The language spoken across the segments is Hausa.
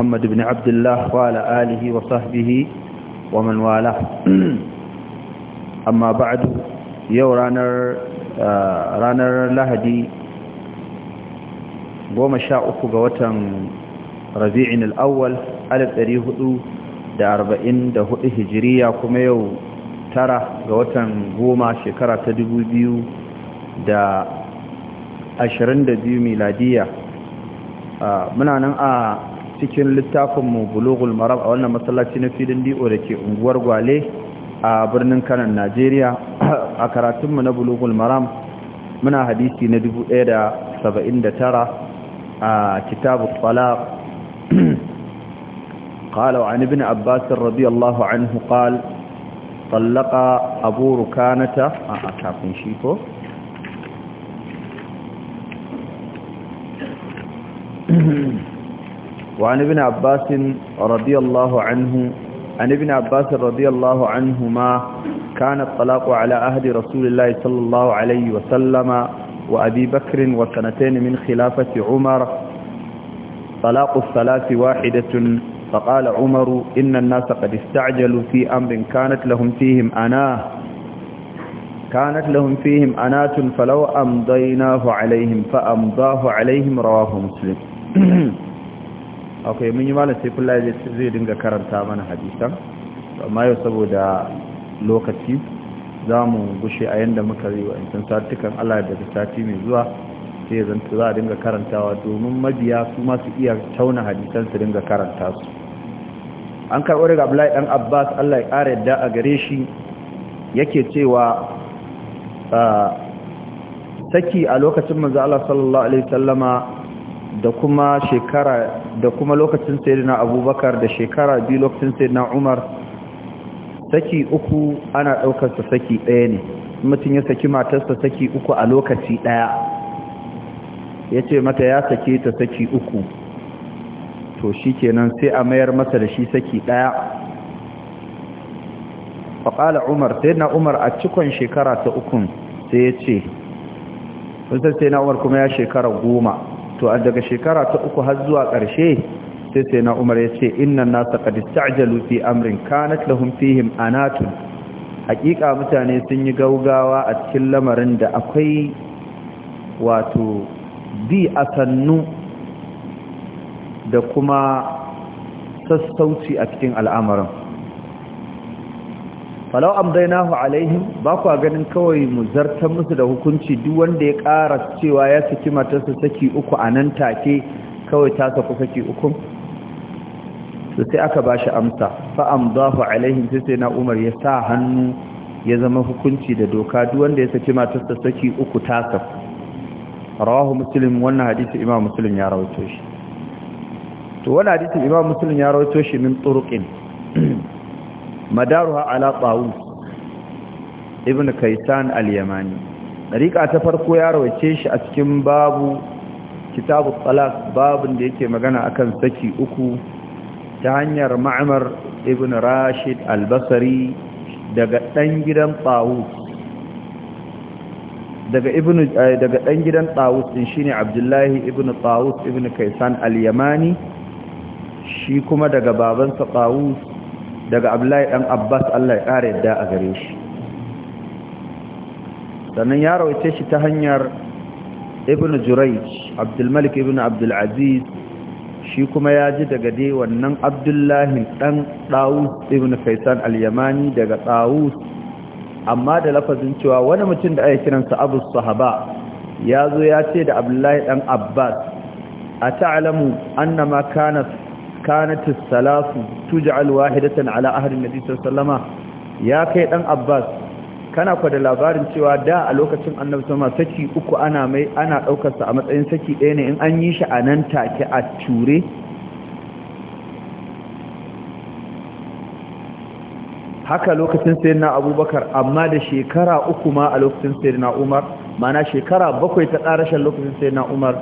محمد بن عبد الله وعلى آله وصحبه ومن والاه أما بعد يو ranar lahadi goma sha uku ga watan rabi'in al'awwal alif ɗari huɗu da arba'in da hudu hijiriya kuma yau tara ga watan goma shekara ta dubu biyu da ashirin da biyu miladiya muna nan a cikin littafin mu bulugul marab a wannan masallaci na filin di'o da ke unguwar gwale a birnin kanan najeriya a karatunmu na bulugul maram muna hadisi na 1079 a kitabu talaq قال عن ابن عباس رضي الله عنه abu طلق أبو ركانة أعطاكم شيكو وعن ابن عباس رضي الله عنه عن ابن عباس رضي الله عنهما كان الطلاق على عهد رسول الله صلى الله عليه وسلم وأبي بكر وسنتين من خلافة عمر طلاق الثلاث واحدة فقال عمر إن الناس قد استعجلوا في أمر كانت لهم فيهم أناه كانت لهم فيهم أنات فلو أمضيناه عليهم فأمضاه عليهم رواه مسلم akwai mun yi malam saifullah zai dinga karanta mana hadisan amma yau saboda lokaci za mu gushe a yadda muka yi wa intan satukan allah daga sati mai zuwa sai zanta za a dinga karantawa domin mabiya su masu iya tauna hadisan su dinga karanta su an karɓo daga abdullahi dan abbas allah ya ƙara yadda a gare shi yake cewa ah, saki a lokacin manzo allah sallallahu alaihi sallama da kuma shekara da kuma lokacin sayyidina abubakar da shekara biyu lokacin sayyidina umar saki uku ana ɗaukarsa saki ɗaya ne mutum ya saki matarsa saki uku a lokaci ɗaya ya ce mata ya sake ta saki uku to shi kenan sai a mayar masa da shi saki ɗaya faƙala umar sai na umar a cikon shekara ta ukun sai ya ce sai na umar kuma ya shekara goma to a daga shekara ta uku har zuwa ƙarshe sai sai na umar ya ce inna nasa qad ista'jalu fi amrin kanat lahum fihim anatun haƙiƙa mutane sun yi gaugawa a cikin lamarin da akwai wato bi a sannu da kuma sassauci a cikin al'amarin falau amdainahu alaihim ba kwa ganin kawai mu zartar musu da hukunci duk wanda ya ƙara cewa ya saki matarsa saki uku a nan take kawai ta saku saki uku to sai aka ba shi amsa fa amdahu alaihim sai sai na umar ya sa hannu ya zama hukunci da doka duk wanda ya saki matarsa saki uku ta saku rawahu muslim wannan hadisi imam muslim ya rawaito shi to wannan hadisi imam muslim ya rawaito shi min turuqin madaruha ala tawus ibn kaisan al-yamani dariqa ta farko ya rawace shi a cikin babu kitabu talaq babin da yake magana akan saki uku ta hanyar ma'mar ibn rashid al-basri daga ɗan gidan tawus daga ibn eh, daga dan gidan tawus din shine abdullahi ibn tawus ibn kaisan al-yamani shi kuma daga babansa tawus daga abdullahi dan abbas allah ya ƙara yadda a gare shi sannan ya rawaita shi ta hanyar ibn jurayj abdulmalik ibn abdulaziz shi kuma ya ji daga dai wannan abdullahi dan ɗawus ibn faisan al-yamani daga ɗawus amma da lafazin cewa wani mutum da ake kiransa abu sahaba ya zo ya ce da abdullahi dan abbas a ta'alamu annama kana كانت الثلاث تجعل واحدة على أهل النبي صلى الله عليه وسلم يا كيدان عباس kana kwa da labarin cewa da a lokacin annabi sama saki uku ana mai ana daukar sa a matsayin saki ɗaya ne in an yi shi a nan take a ture haka lokacin sayyidina abubakar amma da shekara uku ma a lokacin sayyidina umar mana shekara bakwai ta tsarashin lokacin sayyidina umar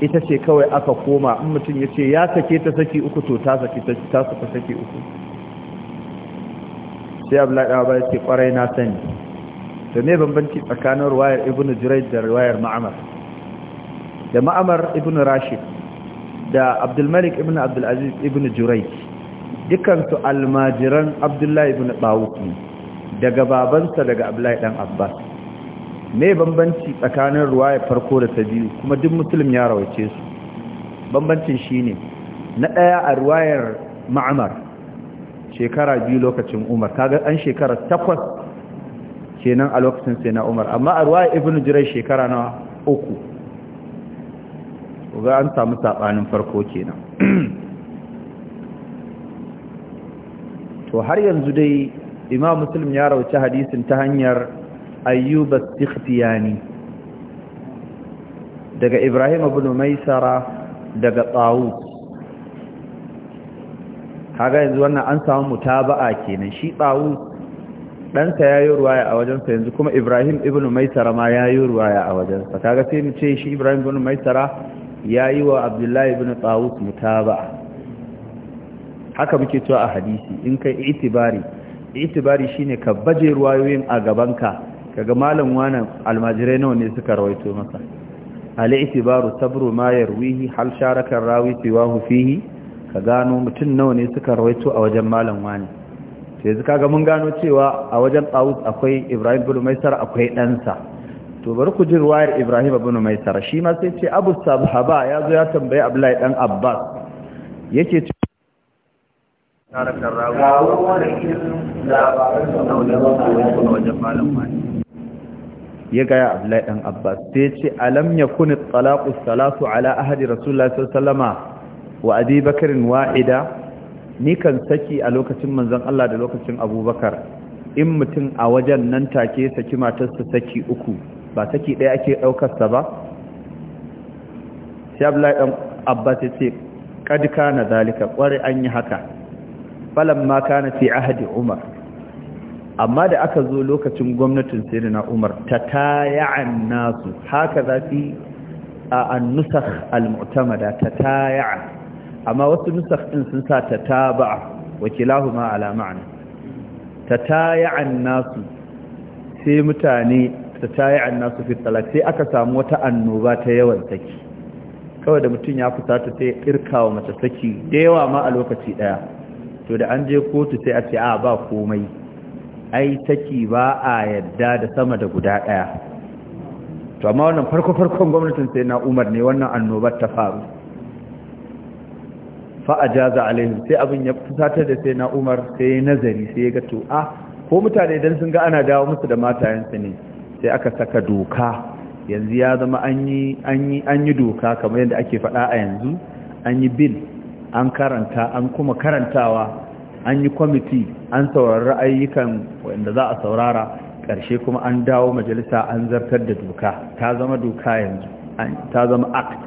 ita ce kawai aka koma in mutum ya ce ya sake ta saki uku to ta sake ta suka saki uku sai abu ba ya ce kwarai na sani da ne bambanci tsakanin ruwayar ibn jirai da ruwayar ma'amar da ma'amar ibn rashid da abdulmalik ibn abdulaziz ibn jirai dukansu almajiran abdullahi ibn ɓawuki daga babansa daga abdullahi ɗan abbas me bambanci tsakanin ruwaya farko da ta biyu kuma duk musulun ya rawace su bambancin shine na ɗaya a ruwayar ma'amar shekara biyu lokacin umar kaga an shekara takwas kenan a lokacin sai na umar amma a ruwayar ibn jirai shekara na uku ga an samu saɓanin farko kenan to har yanzu dai imam muslim ya rauci hadisin ta hanyar ayyub as-sikhtiyani daga ibrahim ibn maisara daga tawus kaga yanzu wannan an samu mutaba'a kenan shi Tsawu ɗansa ya yi ruwaya a wajensa yanzu kuma ibrahim ibn maisara ma ya yi ruwaya a wajensa kaga sai mu ce shi ibrahim ibn maisara ya yi wa abdullahi ibn Tsawu mutaba'a haka muke cewa a hadisi in kai itibari itibari shine ka baje ruwayoyin a gabanka kaga malam wani almajirai nawa ne suka rawaito masa itibaru sabru ma yarwihi hal sharaka rawi siwahu fihi ka gano mutum nawa ne suka rawaito a wajen malam wani to yanzu kaga mun gano cewa a wajen Tawus akwai Ibrahim ibn Maisar akwai ɗansa to bari ku ji ruwayar Ibrahim ibn Maisar shi ma sai ce Abu Sabhaba ya zo ya tambaye Abdullahi dan Abbas yake ce tarakar a wajen malam wani ya gaya abdullahi dan abbas sai ce alam ya at-talaqu salatu ala ahadi rasulullahi sallallahu wa abi bakarin wa'ida ni kan saki a lokacin manzon Allah da lokacin abubakar in mutum a wajen nan take saki matarsa saki uku ba saki ɗaya ake ɗaukarsa ba sai abdullahi dan abbas ya ce kad kana zalika kware an yi haka falamma kana fi ahadi umar amma da aka zo lokacin gwamnatin na umar ta taya'an nasu haka zafi a annusakh al-mu'tamada ta taya'a amma wasu nusar ɗin sun sa ta taba'a wakilahuma ma alama'ana ta taya'an nasu sai mutane ta taya'an nasu fi sai aka samu wata annoba ta yawan saki kawai da mutum ya fusata sai wa mata saki da yawa ma a lokaci daya to da an je kotu sai a ce a ba komai ai saki ba a yadda da sama da guda ɗaya to amma wannan farko-farkon gwamnatin sai na umar ne wannan annobar ta faru fa'aja za alaihim sai abin ya fusatar da sai na umar sai nazari sai ya ga to a ah, ko mutane don sun ga ana dawo musu da matayensu ne sai aka saka doka yanzu ya zama an yi doka kamar yadda ake faɗa a yanzu an yi bil an karanta an kuma karantawa an yi kwamiti an saurari ayyukan wanda za a saurara ƙarshe kuma an dawo majalisa an zartar da doka ta zama doka yanzu ta zama act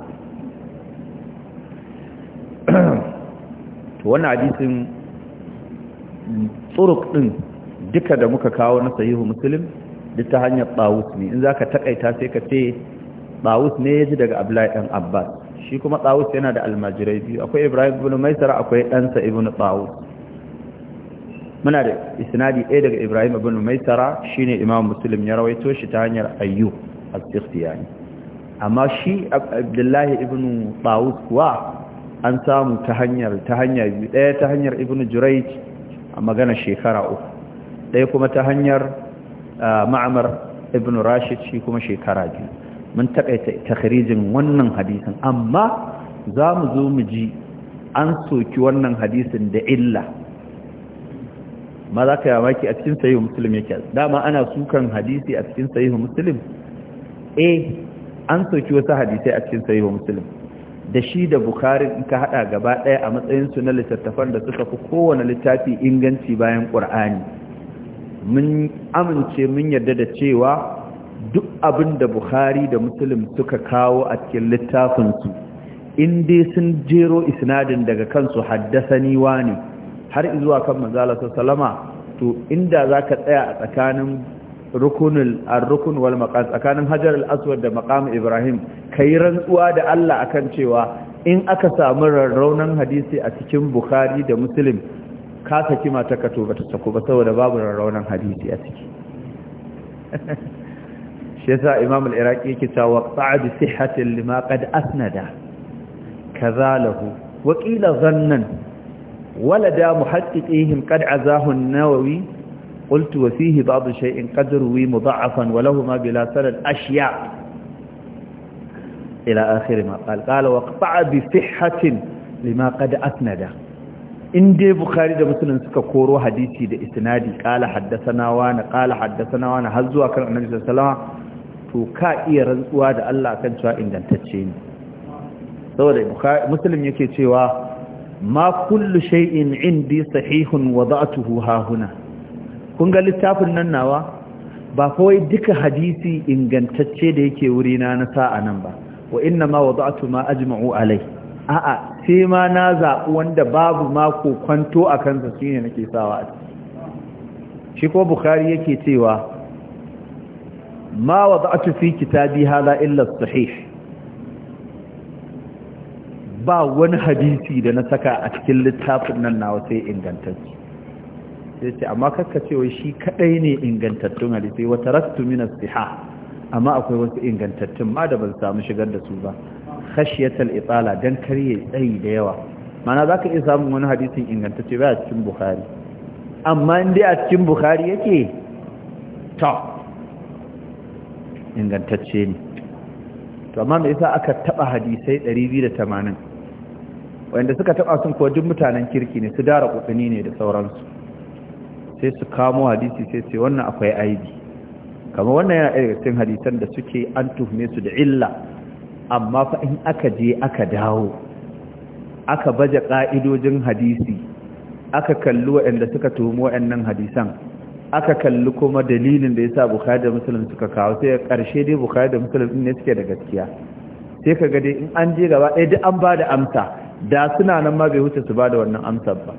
to wannan hadisin tsuruk din duka da muka kawo na sahihu muslim duk ta hanyar tsawus ne in za ka taƙaita sai ka ce tsawus ne ya ji daga abdullahi dan abbas shi kuma tsawus yana da almajirai biyu akwai ibrahim ibn maisara akwai ɗansa ibn tsawus muna da isnadi ɗaya daga Ibrahim ibn Maisara ne Imam Muslim ya rawaito shi ta hanyar ayyu a sikhtiyani amma shi Abdullahi ibn Tawus kuwa an samu ta hanyar ta hanyar ɗaya ta hanyar Ibn Jurayj a magana shekara uku ɗaya kuma ta hanyar Ma'mar ibn Rashid shi kuma shekara biyu mun takaita takhrijin wannan hadisin amma za mu zo mu ji an soki wannan hadisin da illa ma za ka yi mamaki a cikin sahihu muslim yake dama ana sukan hadisi a cikin sahihu muslim A, eh, an soki wasu hadisai a cikin sahihu muslim da shi da bukari in ka hada gaba daya a matsayin su na littattafan da suka fi kowane littafi inganci bayan qur'ani mun amince mun yarda da cewa duk abin da Bukhari da Muslim suka kawo a cikin littafinsu in dai sun jero isnadin daga kansu haddasa ni wani har zuwa kan manzala sallama to inda za ka tsaya a tsakanin rukunin rukun wal maqam tsakanin hajar al-aswad da maqam ibrahim kai rantsuwa da Allah akan cewa in aka samu rarraunan hadisi a cikin bukhari da muslim ka saki mata ka to bata sako ba saboda babu rarraunan hadisi a ciki shi yasa imam al-iraqi yake cewa waqta'a bi sihhatin lima qad asnada kazalahu wa qila zannan ولدى محققيهم قد عزاه النووي قلت وفيه بعض شيء قد روي مضعفا ولهما بلا سند أشياء إلى آخر ما قال قال وقطع بصحة لما قد أسنده in dai bukhari da muslim suka koro hadisi da isnadi kala haddathana wa na kala haddathana wa na to ka iya rantsuwa da Allah kan cewa ingantacce ne saboda bukhari muslim yake cewa ma kullu shay'in indi sahihun wada'tuhu ha huna kun ga littafin nan nawa ba kawai duka hadisi ingantacce da yake wurina na sa'a nan ba wa inna ma wada'tu ma ajma'u alai a'a sai ma na zaɓi wanda babu mako kwanto a kansa shine nake sawa a shi ko bukhari yake cewa ma wada'tu fi kitabi hadha illa sahih ba wani hadisi da na saka a cikin littafin nan nawa sai ingantacce sai ce amma kakka ce wai shi kadai ne ingantattun hadisi wa rastu min as-sihah amma akwai wasu ingantattun ma da ban samu shigar da su ba khashiyatal itala dan kariye tsayi da yawa mana zaka iya samun wani hadisin ingantacce ba a cikin bukhari amma in a cikin bukhari yake to ingantacce ne to amma me yasa aka taba hadisai 280 wanda suka taba sun kuwa duk mutanen kirki ne su dara kutsuni ne da sauransu sai su kamo hadisi sai sai wannan akwai aibi kamar wannan yana ɗaya cikin hadisan da suke an tuhume su da illa amma fa in aka je aka dawo aka baje ƙa'idojin hadisi aka kalli waɗanda suka tuhumo waɗannan hadisan aka kalli kuma dalilin da yasa Bukhari da Muslim suka kawo sai ƙarshe dai Bukhari da Muslim ne suke da gaskiya sai ka ga dai in an je gaba ɗaya duk an da amsa da suna nan ma bai huce su ba da wannan amsar ba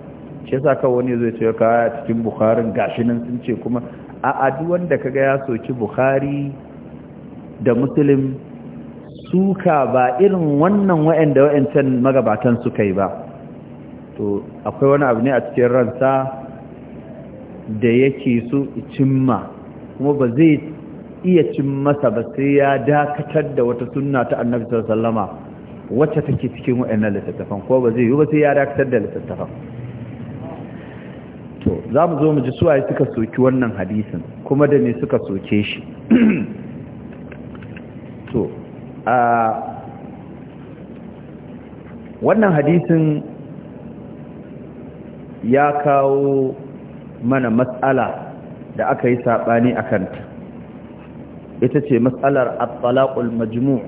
shi yasa kawai wani zai ce ka cikin bukharin gashi nan sun ce kuma a adu wanda kaga ya soki bukhari da muslim suka ba irin wannan wa'anda wa'ancan magabatan suka yi ba to akwai wani abu ne a cikin ransa da yake so cimma kuma ba zai iya cimmasa ba sai ya dakatar da wata sunna ta annabi sallallahu alaihi wasallama wacce take cikin wa'annan littattafan ko ba zai yi ba sai ya dakatar da littattafan to za mu zo mu ji suwaye suka soki wannan hadisin kuma da me suka soke shi to a wannan hadisin ya kawo mana matsala da aka yi saɓani a kanta ita ce matsalar at-talaqul majmu'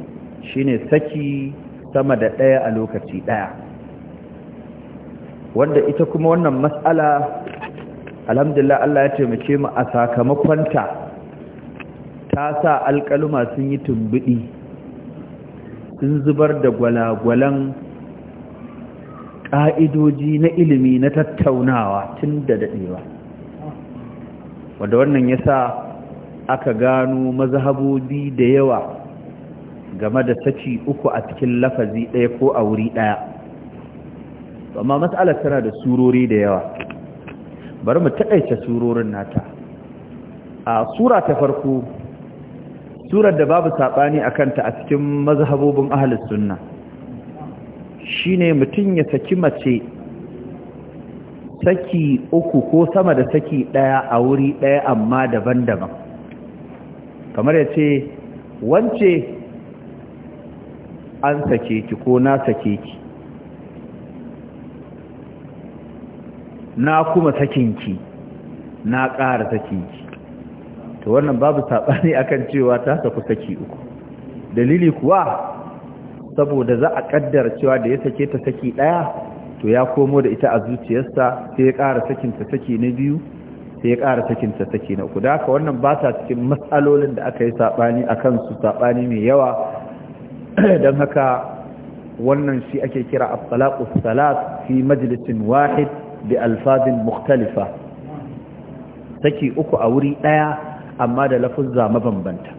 shine saki sama da ɗaya a lokaci ɗaya wanda ita kuma wannan matsala alhamdulillah Allah ya taimake mu a sakamakonta ta sa alƙaluma sun yi tumbiɗi sun zubar da gwalagwalan ƙa'idoji na ilimi na tattaunawa tun da daɗewa wadda wannan ya sa aka gano mazhabobi da yawa game da saci uku a cikin lafazi ɗaya ko a wuri ɗaya amma matsalar tana da surori da yawa bari mu taƙaice surorin nata a sura ta farko surar da babu saɓani a kanta a cikin mazhabobin ahalis sunna ne mutum ya saki mace saki uku ko sama da saki ɗaya a wuri ɗaya amma daban-daban kamar ya ce wance an sake ki ko na sake ki na kuma sakinki na ƙara sakinki to wannan babu saɓani akan cewa ta saku saki uku dalili kuwa saboda za a ƙaddara cewa da ya sake ta saki ɗaya to ya komo da ita a zuciyarsa sai ya ƙara sakinta saki na biyu sai ya ƙara sakinta saki na uku da haka wannan ba ta cikin matsalolin da aka yi saɓani a su saɓani mai yawa don haka wannan shi ake kira abtalaku salat fi majalisin wahid bi alfazin Muktalifa. saki uku a wuri ɗaya, amma da lafuzza mabambanta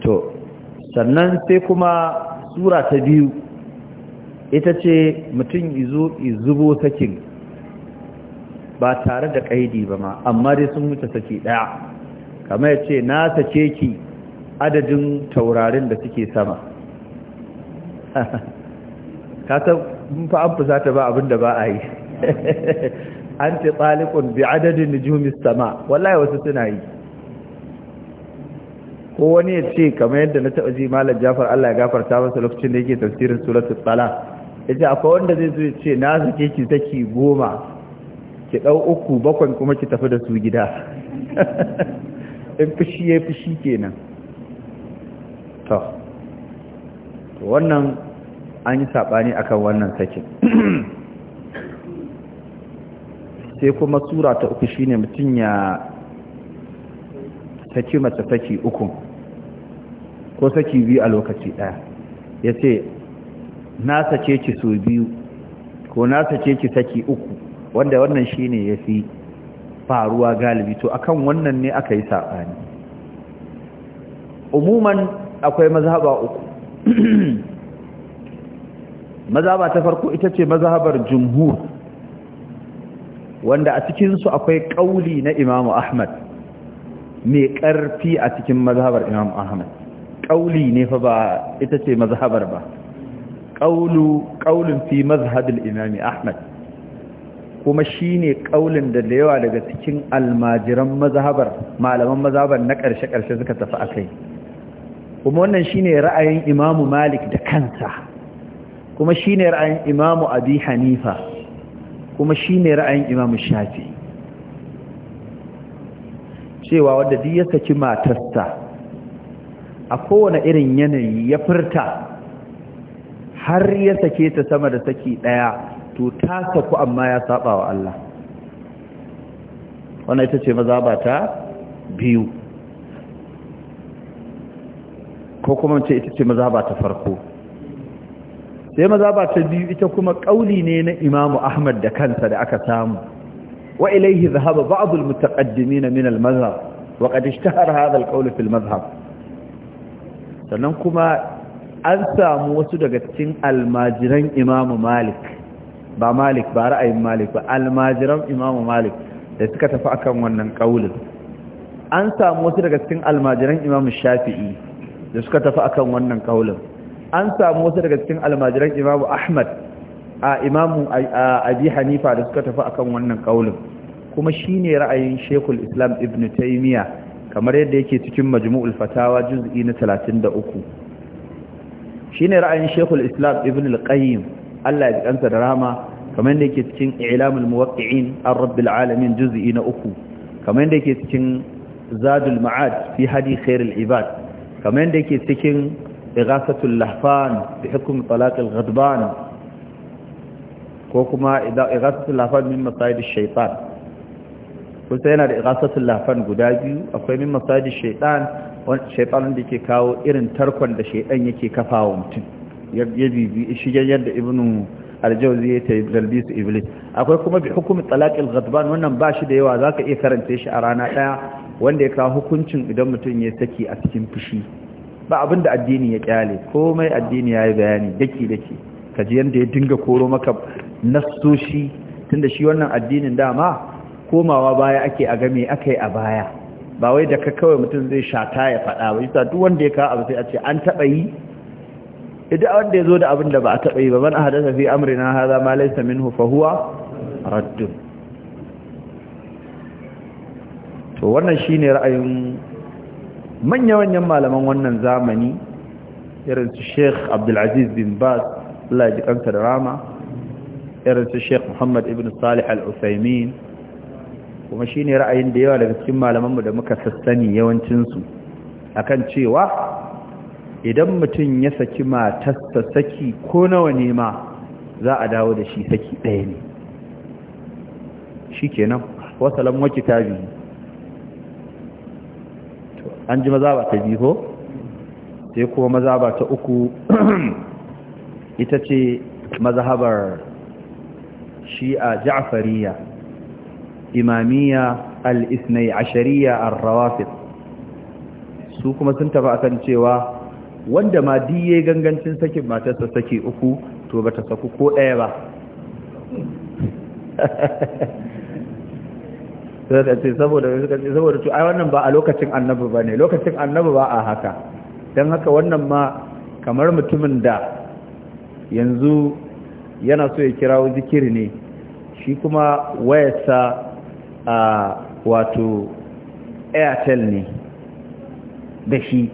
to sannan sai kuma sura ta biyu ita ce mutum izo izubo sakin ba tare da kaidi ba ma amma dai sun wuce saki ɗaya, kamar ya ce na sace ki adadin taurarin da suke sama ka san fa an ta ba abinda ba a yi an ce tsalikun bi adadin nujumis sama wallahi wasu suna yi ko wani ya ce kamar yadda na taɓa ji malam jafar Allah ya gafarta masa lokacin da yake tafsirin suratul tsala ya ce akwai wanda zai zo ya ce na zake ki saki goma ki ɗau uku bakwai kuma ki tafi da su gida in fushi ya fushi kenan to wannan an yi saɓani akan wannan sakin sai kuma sura ta uku shine mutum ya saki mace saki uku ko saki biyu a lokaci ɗaya ya ce na sake ki so biyu ko na sake ki saki uku wanda wannan shine ya fi faruwa galibi to akan wannan ne aka yi saɓani umuman akwai mazhaba uku mazhaba ta farko ita ce mazhabar jumhur wanda a cikinsu akwai ƙauli na imamu ahmad mai ƙarfi a cikin mazhabar imamu ahmad ƙauli ne fa ba ita ce mazhabar ba ƙaulun fi mazhabin imami ahmad kuma shi ne ƙaulin da da yawa daga cikin almajiran mazhabar malaman mazhabar na ƙarshe-ƙarshe suka tafi a kai kuma wannan shine ra'ayin imamu malik da kansa kuma shine ra'ayin imamu abi hanifa kuma shine ra'ayin imamu shafi cewa wanda duk ya saki matarsa a kowane irin yanayi ya furta har ya sake ta sama da saki daya to ta saku amma ya saba wa Allah wannan ita ce mazabata biyu ko kuma ce ita ce maza ba ta farko sai maza ba ta biyu ita kuma kauli ne na imam'u Ahmad da kansa da aka samu wa ilayhi dhahaba ba'd al-mutaqaddimin min al-mazhab wa qad ishtahara hadha al-qawl fi al-mazhab sannan kuma an samu wasu daga cikin almajiran imam'u Malik ba Malik ba ra'ayin Malik ba almajiran imam'u Malik da suka tafi akan wannan kaulin an samu wasu daga cikin almajiran imam'u Shafi'i da suka tafi akan wannan kaulin an samu wasu daga cikin almajiran imamu ahmad a imamu abi hanifa da suka tafi akan wannan kaulin kuma shine ra'ayin shekul islam ibn taymiya kamar yadda yake cikin majmu'ul fatawa juz'i na 33 shine ra'ayin shekul islam ibn al-qayyim Allah ya kansa da rama kamar yadda yake cikin i'lamul muwaqqi'in ar-rabbil alamin juz'i na 3 kamar yadda yake cikin zadul ma'ad fi hadi khairul ibad kamar yadda yake cikin igasatul lahfan bi hukm talaqil ghadban ko kuma igasatul lahfan min masayid ash-shaytan kusa yana da igasatul lahfan guda biyu akwai min masayid ash-shaytan wani shaytan da yake kawo irin tarkon da shaytan yake kafawa mutum ya bibi shigen yadda ibnu aljawzi ya tayi dalbisu iblis akwai kuma bi hukm talaqil ghadban wannan ba shi da yawa zaka iya karanta shi a rana daya wanda ya kawo hukuncin idan mutum ya saki a cikin fushi ba abin da addini ya kyale komai addini ya yi bayani daki daki kaji yadda ya dinga koro maka tun da shi wannan addinin dama komawa baya ake a game aka yi a baya ba wai da ka kawai mutum zai shata ya faɗa ba yi duk wanda ya kawo abu sai a ce an taɓa yi idan wanda ya zo da abin da ba a taɓa yi ba man a hadasa fi amrina haza ma laysa minhu fa huwa to wannan shi ne ra'ayin manya-manyan malaman wannan zamani irin su Sheikh Abdulaziz bin Bas Allah ji da rama irin su Sheikh Muhammad ibn Salih al usaimin kuma shi ne ra'ayin da yawa daga cikin malamanmu da muka sassani yawancinsu a kan cewa idan mutum ya saki matarsa saki ko nawa ne ma za a dawo da shi saki ɗaya ne Shi kenan wasalan wa biyu. an ji ba ta biyu ko sai kuma ba ta uku ita ce mazhabar shi'a ja'fariya imamiya al-ithnai ashariya ar-rawafid su kuma sun taba akan cewa wanda ma diye gangancin sakin matarsa sake uku to bata saku ko ɗaya ba sai ce saboda suka ce saboda to ai wannan ba a lokacin annabi bane lokacin annabi ba a haka dan haka wannan ma kamar mutumin da yanzu yana so ya kirawo zikiri ne shi kuma wayarsa a wato airtel ne da shi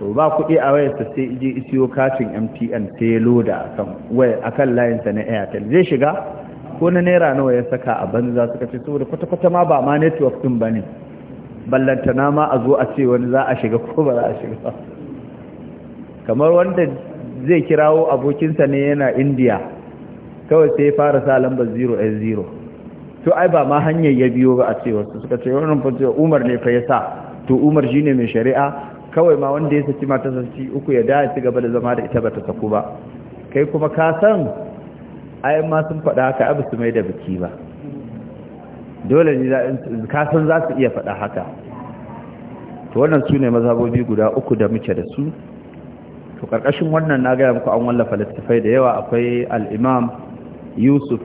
to ba kuɗi a wayarsa sai je isiyo katin mtn sai loda akan waya akan layinsa na airtel zai shiga ko na naira nawa ya saka a banza suka ce saboda kwata-kwata ma ba ma network din ba ne ballantana ma a zo a ce wani za a shiga ko ba za a shiga ba kamar wanda zai kirawo abokinsa ne yana indiya kawai sai ya fara sa lambar 0 0 to ai ba ma hanyar ya biyo ba a ce wasu suka ce wannan fa umar ne fa ya sa to umar ne mai shari'a kawai ma wanda ya saki mata sassi uku ya da ya ci gaba da zama da ita ba ta saku ba kai kuma ka san ayan ma sun faɗa haka abu su mai da biki ba dole ne kasan za su iya faɗa haka to wannan su ne mazhabobi guda uku da muke da su to ƙarƙashin wannan na gaya muku an wallafa littafai da yawa akwai al'imam yusuf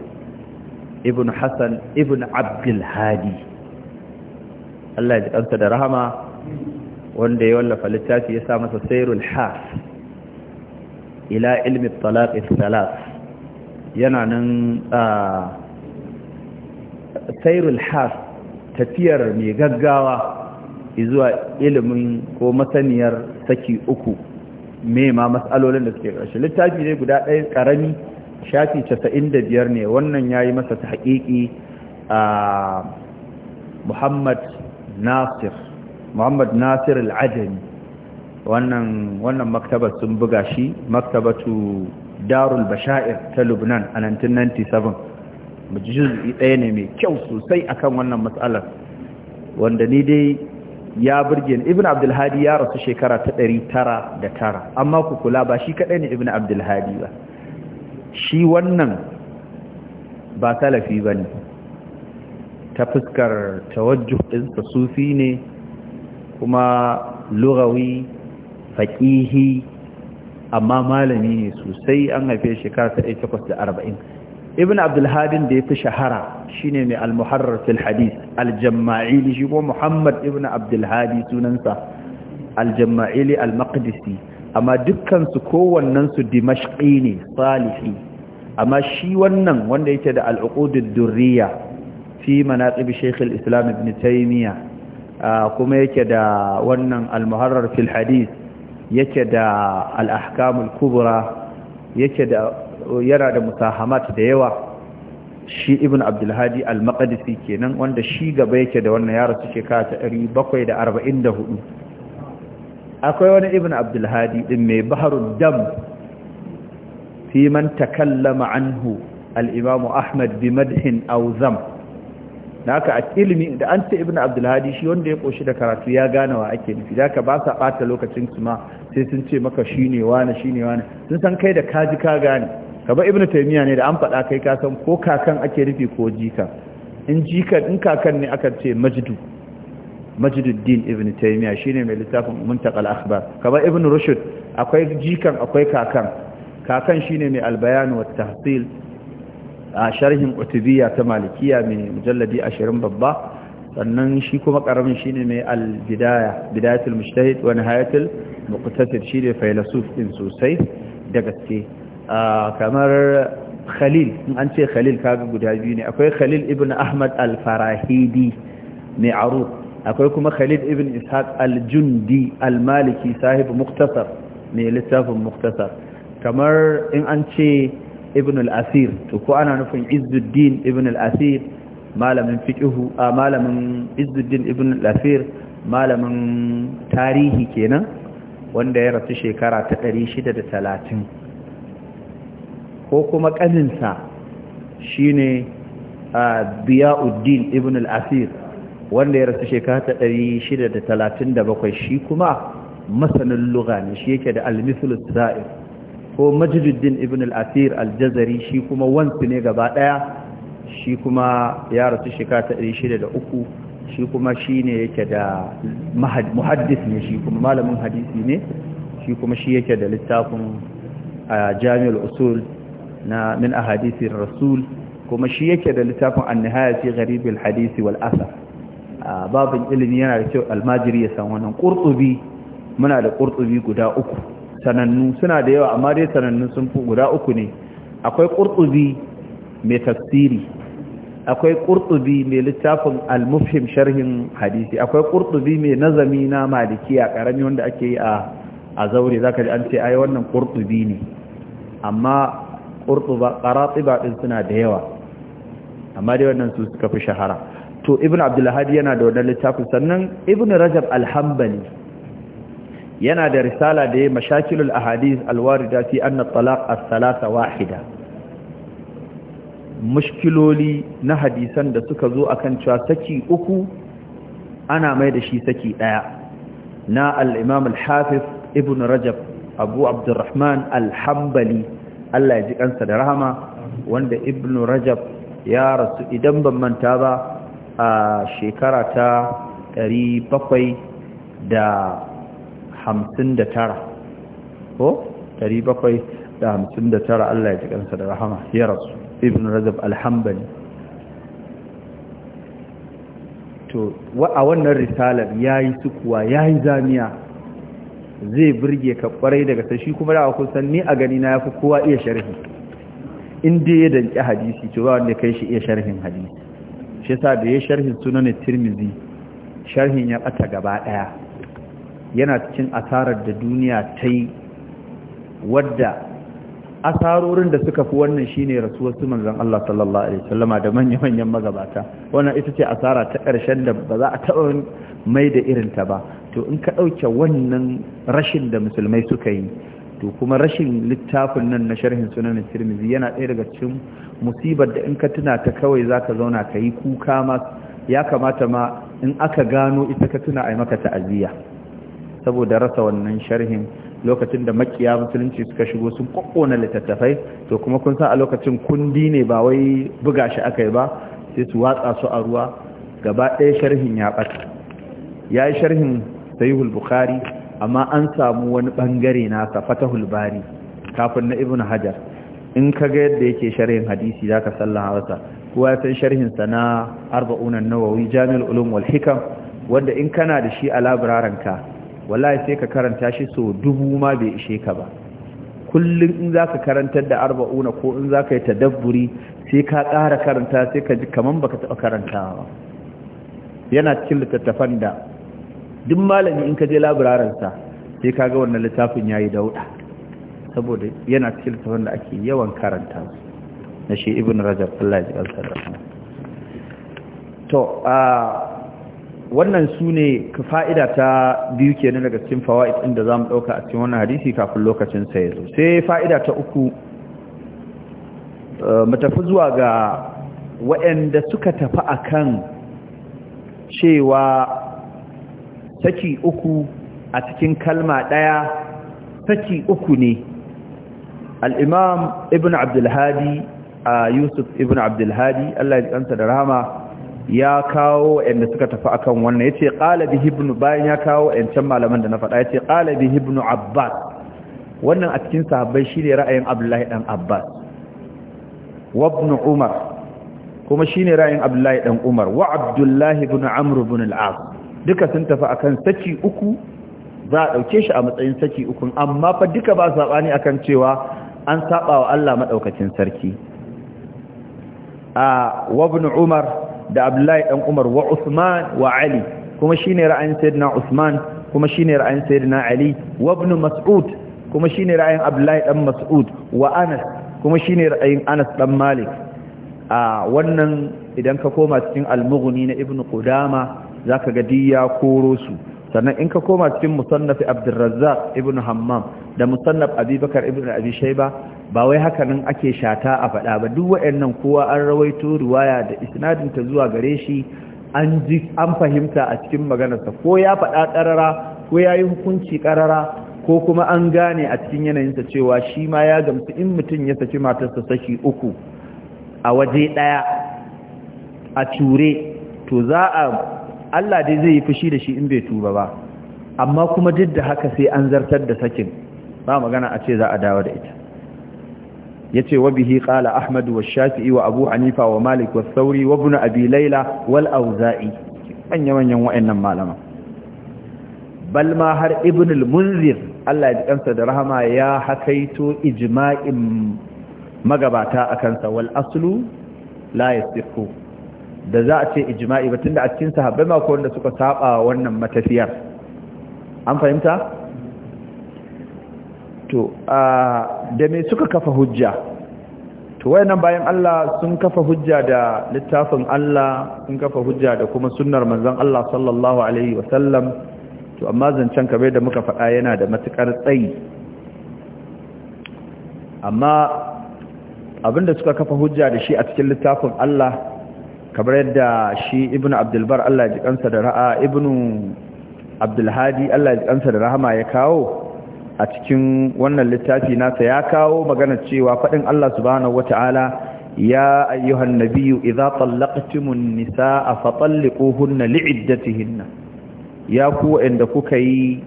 ibn hassan ibn abdulhadi Allah ya ɗansa da rahama wanda ya wallafa littafi ya sa masa sairul haf ila ilmi talaƙi salat yana nan sairul has tafiyar mai gaggawa zuwa ilimin ko masaniyar saki uku me ma matsalolin da suke ƙarshe littafi ne guda ɗaya ƙarami shafi casa'in da biyar ne wannan ya yi masa ta haƙiƙi a muhammad nasir muhammad nasir al'adami wannan maktabar sun buga shi maktabatu darul bashair ta lubnan a 1997 majizuri ɗaya ne mai kyau sosai akan wannan matsalar wanda ni dai ya burge ni ibn abdulhadi ya rasu shekara ta ɗari tara da tara amma ku kula ba shi kaɗai ne ibn abdulhadi ba shi wannan ba salafi ba ne ta fuskar tawajjuh ɗinsa sufi ne kuma lugawi faƙihi amma malami ne sosai an haife shekara ta 1840 ibn abdulhadin da ya fi shahara shine mai al-muharrar fil al-jamma'ili shi ko muhammad ibn abdulhadi sunansa al-jamma'ili al-maqdisi amma dukkansu kowannensu dimashqi ne salihi amma shi wannan wanda yake da al-uqudud durriya fi manaqib shaykh al-islam ibn taymiya ah, kuma yake da wannan al-muharrar yake da al'ahkamun kubura yake da yana da musahamat da yawa shi ibn abdulhadi al-maqdisi kenan wanda shi gaba yake da wannan yaro da arba'in da 744 akwai wani ibn abdulhadi din mai baharun dam fi man takallama anhu al imamu ahmad bi madhin auzam zam da haka a ilimi da an ce ibn abdulhadi shi wanda ya koshi da karatu ya gane wa ake nufi da ka ba sa bata lokacin su ma sai sun ce maka shi ne wani shi ne wani sun san kai da kaji ka gane kaba ibn taimiyya ne da an faɗa kai ka san ko kakan ake nufi ko jika in jika in kakan ne aka ce majdu majiduddin ibn taimiyya shine mai littafin muntakal akhbar ba ibn rushd akwai jikan akwai kakan kakan shine mai albayan wa tahsil a sharhin utubiyya ta malikiya mai mujalladi ashirin babba sannan shi kuma karamin ne mai al bidayatul mujtahid wa nihayatul muqtasid shi ne filosof din sosai da gaske kamar khalil in an ce khalil kaga guda biyu ne akwai khalil ibn ahmad al-farahidi mai aru akwai kuma khalil ibn ishaq al-jundi al-maliki sahib muktasar mai littafin muktasar kamar in an ce ibn al-asir to ko ana nufin izzuddin ibn al-asir malamin fiqhu a malamin izzuddin ibn al-asir malamin tarihi kenan wanda ya rasu shekara ta 630 ko kuma kaninsa shine Biyauddin ibn al-Asir wanda ya rasu shekara ta 637 shi kuma masanin lugha ne shi yake da al-mithl ko majiduddin ibn al-asir al-jazari shi kuma wansu ne gaba daya shi kuma ya rasu shika ta 603 shi kuma shi ne yake da muhaddis ne shi kuma malamin hadisi ne shi kuma shi yake da littafin jami'ul usul na min ahadisi rasul kuma shi yake da littafin annihaya fi gharibul hadisi wal asar babin ilimi yana da kyau almajiri ya san wannan qurtubi muna da qurtubi guda uku sanannu suna da yawa amma dai sanannu sun fi guda uku ne akwai ƙurtubi mai tafsiri akwai ƙurtubi mai littafin al sharhin hadisi akwai ƙurtubi mai nazami na maliki a ƙarami wanda ake yi a zaure zaka ji an ce ai wannan ƙurtubi ne amma ƙurtuba ba ɗin suna da yawa amma dai wannan su suka fi shahara to ibn abdulhadi yana da wannan littafin sannan ibn rajab alhambali. yana da risala da ya mashakilul ahadith alwarida fi anna talaq as-salasa wahida mushkiloli na hadisan da suka zo akan cewa saki uku ana mai da shi saki daya na al-imam al-hafiz ibn rajab abu abdurrahman al-hanbali Allah ya ji kansa da rahama wanda ibn rajab ya rasu idan ban manta ba a shekara ta 700 da hamsin da tara ko dari bakwai da hamsin da tara Allah ya ji kansa da rahama ya rasu ibn razab alhambali to a wannan risalar ya yi sukuwa ya yi zamiya zai birge ka kwarai daga sashi kuma da akwai san ni a gani na ya fi kowa iya sharhi in dai ya danki hadisi to ba wanda kai shi iya sharhin hadisi shi sa da ya sharhin sunan tirmidhi sharhin ya bata gaba daya yana cikin asarar da duniya ta yi wadda asarorin da suka fi wannan shine rasuwar su manzon Allah sallallahu alaihi wasallama da manyan magabata wannan ita ce asara ta ƙarshen da ba za a taɓa mai da irin ta ba to in ka ɗauke wannan rashin da musulmai suka yi to kuma rashin littafin nan na sharhin sunan tirmizi yana ɗaya daga cikin musibar da in ka tuna ta kawai zaka zauna ka yi kuka ma ya kamata ma in aka gano ita ka tuna a maka ta'aziyya saboda rasa wannan sharhin lokacin da makiya musulunci suka shigo sun kokona littattafai to kuma kun san a lokacin kundi ne ba wai buga shi aka yi ba sai su watsa su a ruwa gaba ɗaya sharhin ya ɓata ya yi sharhin sayihul bukhari amma an samu wani ɓangare nasa fatahul bari kafin na ibn hajar in ka ga yadda yake sharhin hadisi za ka sallaha wasa kowa ya san sharhinsa na arba'unan nawawi jami'ul ulum wal hikam wanda in kana da shi a labiraranka wallahi sai ka karanta shi so dubu ma bai ishe ka ba kullum in za ka karantar da arba'una ko in za ka yi tadabburi sai ka ƙara karanta sai ka ji kaman baka taɓa karantawa yana cikin littattafan da duk malami in ka je labararinsa sai ka ga wannan littafin ya yi dauɗa saboda yana cikin littattafan da ake yawan karanta na shi ibn rajab Allah ya ji alsarrafa to a ah, wannan su ne fa'ida ta biyu ke daga cikin fawa'id inda za mu ɗauka a cikin wannan hadisi kafin lokacin sa ya zo sai fa'ida ta uku eh, mu tafi zuwa ga waɗanda suka tafi a kan cewa saki uku a cikin kalma ɗaya saki uku ne al'imam ibn abdulhadi a yusuf ibn abdulhadi allah ya da rahama ya kawo waɗanda suka tafi akan wannan yace qala bi ibn bayan ya kawo waɗancan malaman da na faɗa yace qala bi ibn abbas wannan a cikin sahabbai shine ra'ayin abdullahi dan abbas wa ibn umar kuma shine ra'ayin abdullahi dan umar wa abdullahi ibn amr ibn al-as duka sun tafi akan saki uku za a dauke shi a matsayin saki uku amma fa duka ba sabani akan cewa an saba wa Allah madaukakin sarki a wa ibn umar da abdullahi dan umar wa usman wa ali kuma shine ra'ayin sayyidina usman kuma shine ra'ayin sayyidina ali wa ibn mas'ud kuma shine ra'ayin abdullahi dan mas'ud wa anas kuma shine ra'ayin anas dan malik a wannan idan ka koma cikin al-mughni na ibn qudama zaka ga diya koro su sannan in ka koma cikin musannaf abdurrazzaq ibn hammam da musannaf abubakar ibn abi shayba ba wai haka nan ake shata a faɗa ba duk waɗannan kowa an rawaito riwaya da isnadin ta zuwa gare shi an ji an fahimta a cikin maganarsa ko ya faɗa ƙarara ko ya yi hukunci ƙarara ko kuma an gane a cikin yanayinsa cewa shi ma ya gamsu in mutum ya saki matarsa saki uku a waje ɗaya a cure to za a Allah dai zai yi fushi da shi in bai tuba ba amma kuma duk da haka sai an zartar da sakin ba magana a ce za a dawo da ita yace wa bihi qala ahmad wa shafi'i wa abu hanifa wa malik wa thauri wa ibn abi layla wal auza'i manya manyan wayannan malama bal ma har ibn al munzir Allah ya kansa da rahama ya hakaito ijma'in magabata akan sa wal aslu la yastiqu da za a ce ijma'i ba tunda a cikin sahabbai ma wanda suka saba wannan matafiyar an fahimta to da me suka kafa hujja to wayannan bayan Allah sun kafa hujja da littafin Allah sun kafa hujja da kuma sunnar manzon Allah sallallahu alaihi wasallam to amma zancen kabe da muka faɗa yana da matukar tsayi amma abinda suka kafa hujja da shi a cikin littafin Allah kamar yadda shi ibnu abdulbar Allah ji kansa da ra'a ibnu abdulhadi Allah ji kansa da rahama ya kawo a cikin wannan littafi nasa ya kawo magana cewa faɗin Allah subhanahu wataala ya ayyuhan nabiyyu idza tallaqtumun nisaa talliquhunna li'iddatihinna ya ku inda kuka yi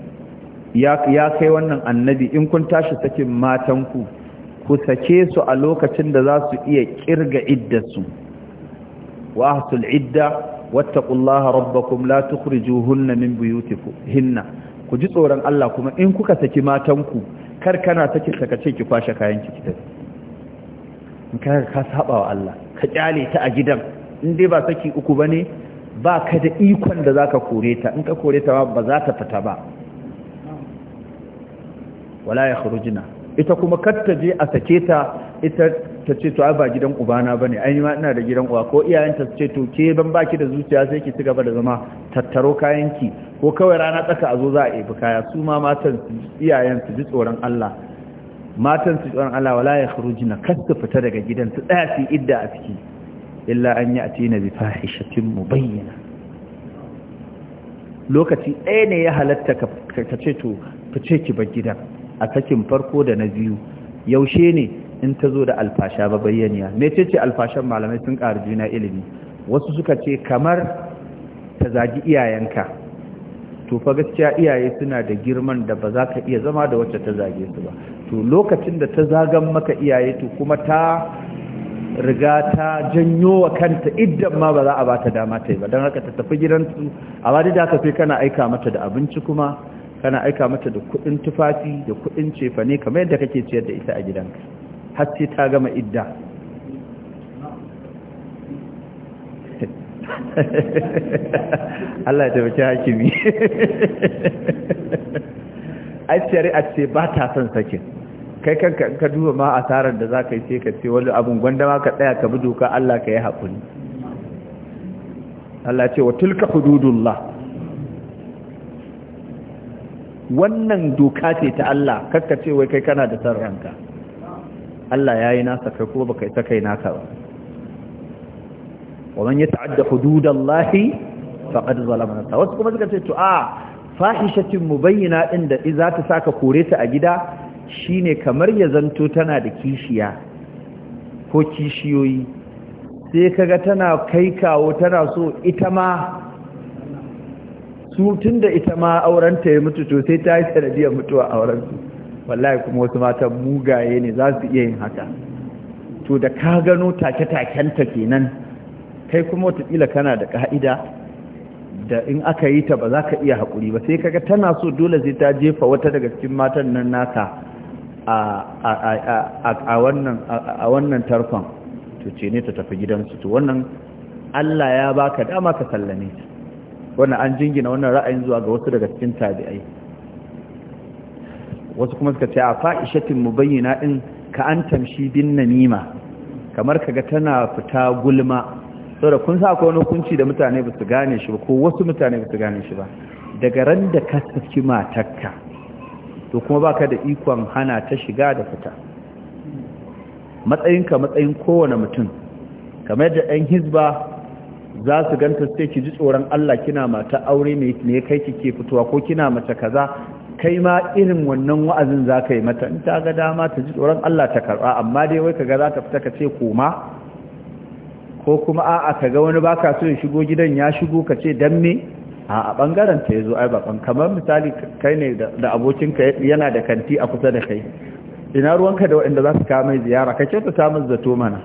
ya kai wannan annabi in kun tashi sakin matan ku ku sake su a lokacin da za su iya kirga iddarsu وأهتوا العدة واتقوا الله ربكم لا تخرجوهن من بيوتكم ku ji tsoron Allah kuma in kuka saki matanku kar kana saki sakace ki kwashe kayan ki kidan in ka ka saba wa Allah ka kyale ta a gidan in dai ba saki uku bane ba ka da ikon da zaka kore ta in ka kore ta ba za ta fita ba wala yakhrujna ita kuma katta je a sake ta ita ta ce to ba gidan ubana bane ai ma ina da gidan uwa ko iyayenta su ce to ke ban baki da zuciya sai ki cigaba da zama tattaro kayanki ko kawai rana tsaka a zo za a ebi kaya su ma matan iyayen su ji tsoron Allah matan su tsoron Allah wala ya khurujina kasta fita daga gidan su tsaya su idda a ciki illa an ya'tina bi fahishatin mubayyana lokaci ɗaya ne ya halatta ka ce to fice ki bar gidan a sakin farko da na biyu yaushe ne in ta zo da alfasha ba bayyaniya mece ce alfashan malamai sun ƙari juna ilimi wasu suka ce kamar ta zagi iyayenka to fa gaskiya iyaye suna da girman da ba za ka iya zama da wacce ta zage su ba to lokacin da ta zagan maka iyaye to kuma ta riga ta janyo wa kanta idan ma ba za a ba ta dama ta yi ba don haka ta tafi gidansu a wadda da aka fi kana aika mata da abinci kuma kana aika mata da kudin tufafi da kudin cefane kamar yadda kake ciyar da ita a gidanka har sai ta gama idda Allah ya taimaki hakimi ai shari'a ce ba ta son sakin kai kanka ka duba ma asarar da zaka yi sai ka ce wani abun gwandama ka tsaya ka bi doka Allah ka yi haƙuri Allah ya ce wa tilka hududullah wannan doka ce ta Allah kakka ce wai kai kana da san ranka Allah yi nasa kai ko baka ita kai naka ba ta'adda يتعدى lahi, الله فقد ظلم ta. wasu kuma suka ce to a fahishatin mubayyana inda iza ta saka kore ta a gida shine kamar ya zanto tana da kishiya ko kishiyoyi sai kaga tana kai kawo tana so ita ma su tun da ita ma aurenta ya mutu to sai ta yi sanadiyar mutuwa aurensu wallahi kuma wasu mata mugaye ne za su iya yin haka to da ka gano take taken ta kenan kai kuma watakila kana da ka'ida da in aka yi ta ba za ka iya haƙuri ba sai kaga tana so dole sai ta jefa wata daga cikin matan nan naka a wannan tarkon to ce ne ta tafi gidansu to wannan Allah ya baka dama ka sallame ta wannan an jingina wannan ra'ayin zuwa ga wasu daga cikin tabi'ai wasu kuma suka ce a fa'ishatin mubayyana din ka an tamshi bin namima kamar kaga tana fita gulma saboda kun sa akwai wani hukunci da mutane ba su gane shi ba ko wasu mutane ba su gane shi ba daga ran da ka saki matarka to kuma baka da ikon hana ta shiga da fita matsayinka matsayin kowane mutum kamar yadda ɗan hizba za su ganta sai ki ji tsoron Allah kina mata aure mai ne kai kike fitowa ko kina mace kaza kai ma irin wannan wa'azin za ka yi mata in ta ga dama ta ji tsoron Allah ta karba amma dai wai kaga za ta fita ka ce koma ko kuma a'a kaga wani baka so ya shigo gidan ya shigo ka ce dan me a a bangaren ta yazo ai baban kamar misali kai ne da abokin ka yana da kanti a kusa da kai ina ruwanka da waɗanda za su kawo mai ziyara ka ta samu zato mana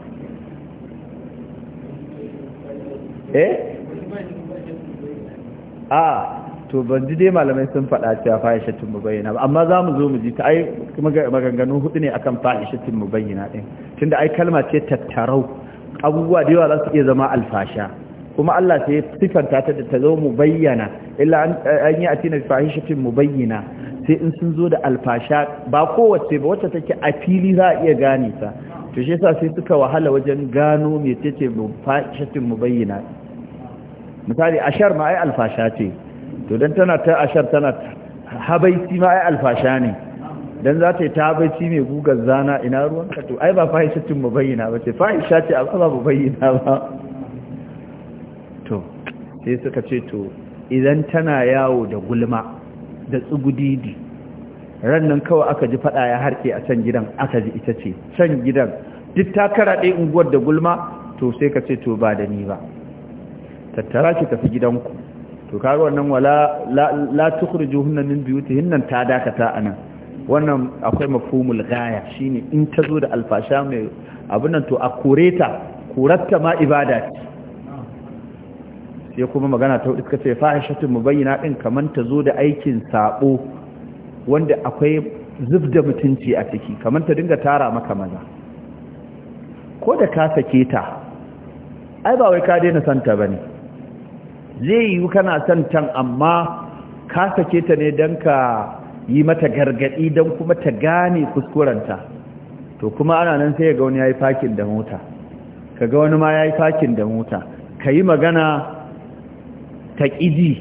eh a to ban ji dai malamai sun faɗa cewa fahishatin mubayyana ba amma za mu zo mu ji ta ai maganganu hudu ne akan fahishatin mubayyana ɗin tunda ai kalma ce tattarau abubuwa da yawa za su iya zama alfasha kuma Allah sai ya sifanta ta da ta zo mu bayyana illa an yi atina mu mubayyana sai in sun zo da alfasha ba kowace ba wacce take a fili za a iya gane ta to shi yasa sai suka wahala wajen gano me tace mu mubayyana misali ashar ma ai alfasha ce to dan tana ta ashar tana habaiti ma ai alfasha ne dan za ta yi ta habaiti mai gugar zana ina ruwan ka to ai ba tun mu bayyana ba ce fahisha ce a ba mu bayyana ba to sai suka ce to idan tana yawo da gulma da tsugudidi ran nan kawai aka ji fada ya harke a can gidan aka ji ita ce can gidan duk ta karaɗe unguwar da gulma to sai ka ce to ba da ni ba tattara ki tafi gidanku to kaga wannan wala la tukhrijuhunna min buyutihinna ta dakata anan wannan akwai mafhumul ghaya shine in ta zo da alfasha mai abin nan to a koreta ma ibada sai kuma magana ta hudu kace fahishatu mubayyana din kaman ta zo da aikin sabo wanda akwai zubda mutunci a ciki kaman ta dinga tara maka maza ko da ka sake ta ai ba wai ka daina santa bane zai yi kana son can amma ka sake ta ne don ka yi mata gargadi don kuma ta gane kuskurenta to kuma ana nan sai ga wani ya yi fakin da mota ka ga wani ma ya yi fakin da mota ka yi magana ta ƙiji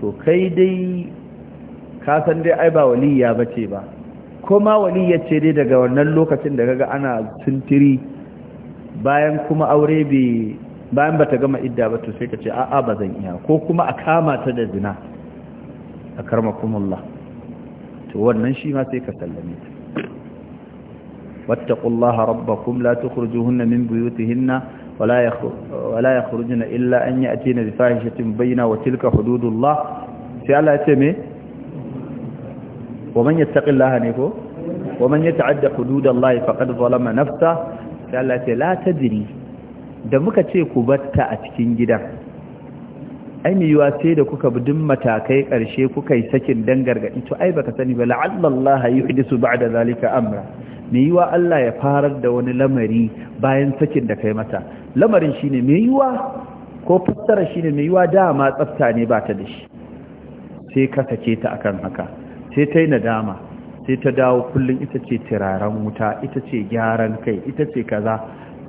to kai dai ka san dai ai ba waliya ba ce ba kuma waliya ce dai daga wannan lokacin da kaga ana tuntiri bayan kuma aure bai bayan ba ta gama idda ba to sai ka ce a'a ba zan iya ko kuma a kama ta da zina a karmakumullah to wannan shi ma sai ka sallame ta wattaqullaha rabbakum la tukhrijuhunna min buyutihinna ولا ولا يخرجن الا ان ياتين بفاحشه بينه وتلك حدود الله sai Allah ya ce me wa man yattaqillaha ne ko wa man yata'adda hududallahi faqad zalama nafsa sai Allah ya ce la tadri da muka ce ku batta a cikin gidan ai yiwa sai da kuka bi duk matakai ƙarshe kuka yi sakin dan gargaɗi to ai baka sani ba la'alla su yuhdisu ba'da zalika amra Mai yiwa Allah ya farar da wani lamari bayan sakin da kai mata lamarin shine me yiwa ko fassara shine mai yiwa dama tsafta ne ba ta da shi sai ka sake ta akan haka sai ta yi nadama sai ta dawo kullum ita ce tiraren wuta ita ce gyaran kai ita ce kaza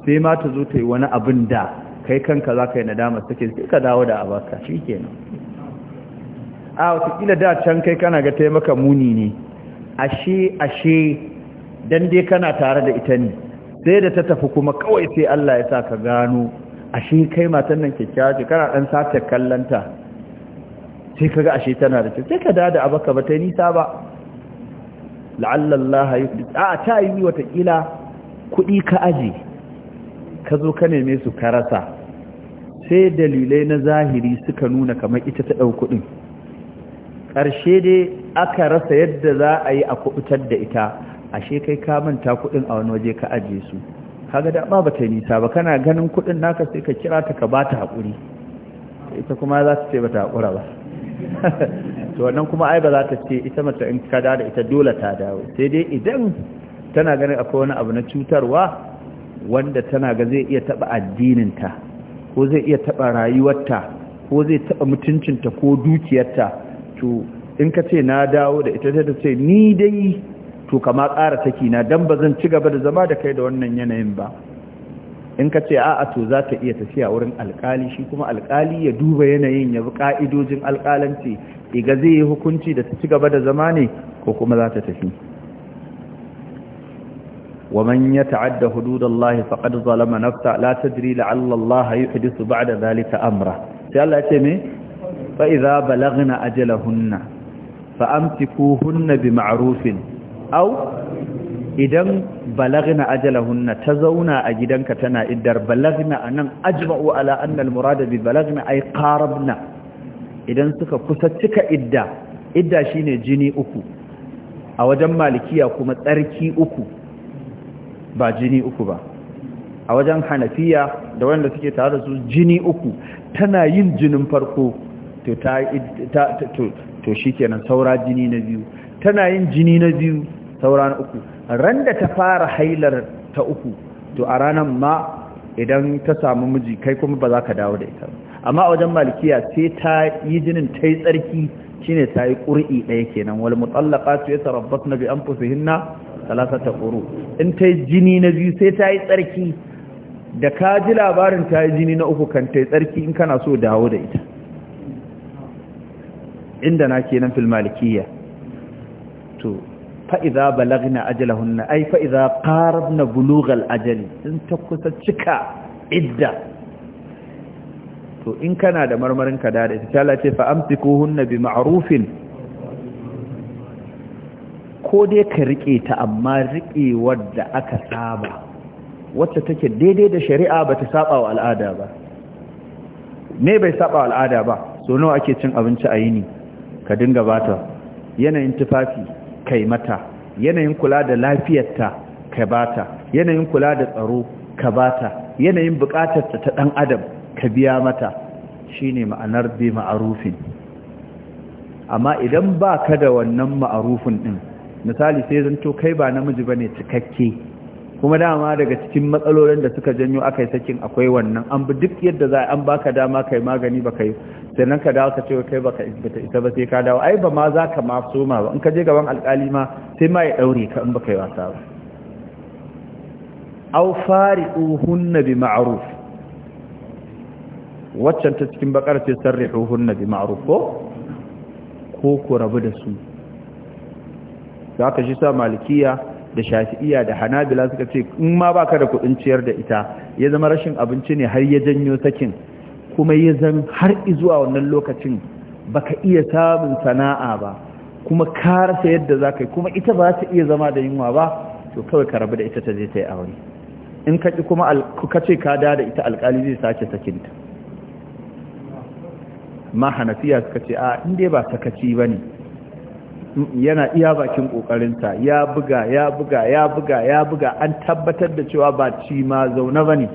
sai ma ta zo ta yi wani abin da kai kanka za ka yi nadama take sai ka dawo da abaka shi nan a watakila da can kai kana ga taimaka muni ne ashe ashe don dai kana tare da ita ne sai da ta tafi kuma kawai sai Allah ya sa ka gano ashe kai matan nan kyakkyawa ce kana dan sace kallanta sai ka ga ashe tana da kyau sai ka da da abaka ba ta nisa ba la'alla Allah ya a ta yi watakila kuɗi ka aje ka zo ka neme su ka rasa sai dalilai na zahiri suka nuna kamar ita ta ɗau kuɗin ƙarshe dai aka rasa yadda za a yi a kuɓutar da ita ashe kai ka manta kuɗin a wani waje ka ajiye su kaga da ba ta nisa ba kana ganin kuɗin naka sai ka kira ta ka ba ta haƙuri ita kuma za ta ce ba ta haƙura ba to wannan kuma ai ba za ta ce ita mata in ka da ita dole ta dawo sai dai idan tana ganin akwai wani abu na cutarwa wanda tana ga zai iya taɓa addininta ko zai iya taɓa rayuwarta ko zai taɓa mutuncinta ko dukiyarta to in ka ce na dawo da ita ta ce ni dai to kama ƙara take na dan ba zan ci gaba da zama da kai da wannan yanayin ba in ka ce a'a to za ta iya tafiya wurin alkali shi kuma alkali ya duba yanayin ya bi ka'idojin alkalanci iga zai yi hukunci da ta ci gaba da zama ne ko kuma za ta tafi ومن يتعد حدود الله فقد ظلم نفسه لا تدري لعل الله يحدث بعد ذلك امرا sai Allah ya ce me fa idza balagna bima'rufin aw idan balagna ajalahunna ta zauna a gidanka tana idar balagna anan ajma'u ala anna murada bi balagna ay qarabna idan suka kusa cika idda idda shine jini uku a wajen malikiya kuma tsarki uku ba jini uku ba a wajen hanafiya da wanda suke tare da su jini uku tana yin jinin farko to ta to to shikenan saura jini na biyu tana yin jini na biyu saura na uku ran da ta fara hailar ta uku to a ranar ma idan ta samu miji kai kuma ba za ka dawo da ita amma a wajen malikiya sai ta yi jinin ta yi tsarki shine ta yi ƙuri'i ɗaya kenan wal mutallaqatu yatarabbasna bi anfusihinna salasata ƙuru in ta yi jini na biyu sai ta yi tsarki da ka ji labarin ta yi jini na uku kan ta yi tsarki in kana so dawo da ita inda na ke nan filmalikiya to fa'iza balagna ajalahunna ai fa'iza ƙarar na bulugal ajali in ta kusa cika idda to in kana da marmarin ka da ita ta lace ko hunna bi ma'arufin ko dai ka riƙe ta amma riƙewar da aka saba wacce take daidai da shari'a ba ta saba wa al'ada ba me bai saba wa al'ada ba so nawa ake cin abinci a yini ka dinga bata yanayin tufafi kai mata yanayin kula da lafiyarta ka bata yanayin kula da tsaro ka bata yanayin buƙatar ta ta ɗan adam ka biya mata shine ma'anar bi ma'arufin amma idan ba ka da wannan ma'arufin ɗin misali sai zanto kai ba namiji bane cikakke kuma dama daga cikin matsalolin da suka janyo akai sakin akwai wannan an bi duk yadda za an baka dama kai magani ba kai sannan ka dawo ka ce kai baka isbata isa ba sai ka dawo ai ba ma za ka ma soma ba in ka je gaban alƙali ma sai ma ya daure ka in baka yi wasa ba aw fariquhunna bi ma'ruf waccan ta cikin bakar ce sarrihuhunna bi ma'ruf ko ku rabu da su za ka shi sa malikiya da shafi'iya da hanabila suka ce in ma baka da kudin ciyar da ita ya zama rashin abinci ne har ya janyo sakin kuma ya zan har izuwa wannan lokacin baka iya samun sana'a ba kuma ka rasa yadda za ka yi kuma ita ba ta iya zama da yunwa ba to kawai ka rabu da ita ta je ta yi aure in ka ki kuma ka ce ka da da ita alkali zai sake sakinta ma hanafiya suka ce a in dai ba sakaci ba ne yana iya bakin kokarinta ya buga ya buga ya buga ya buga an tabbatar da cewa ba ci ma zauna bane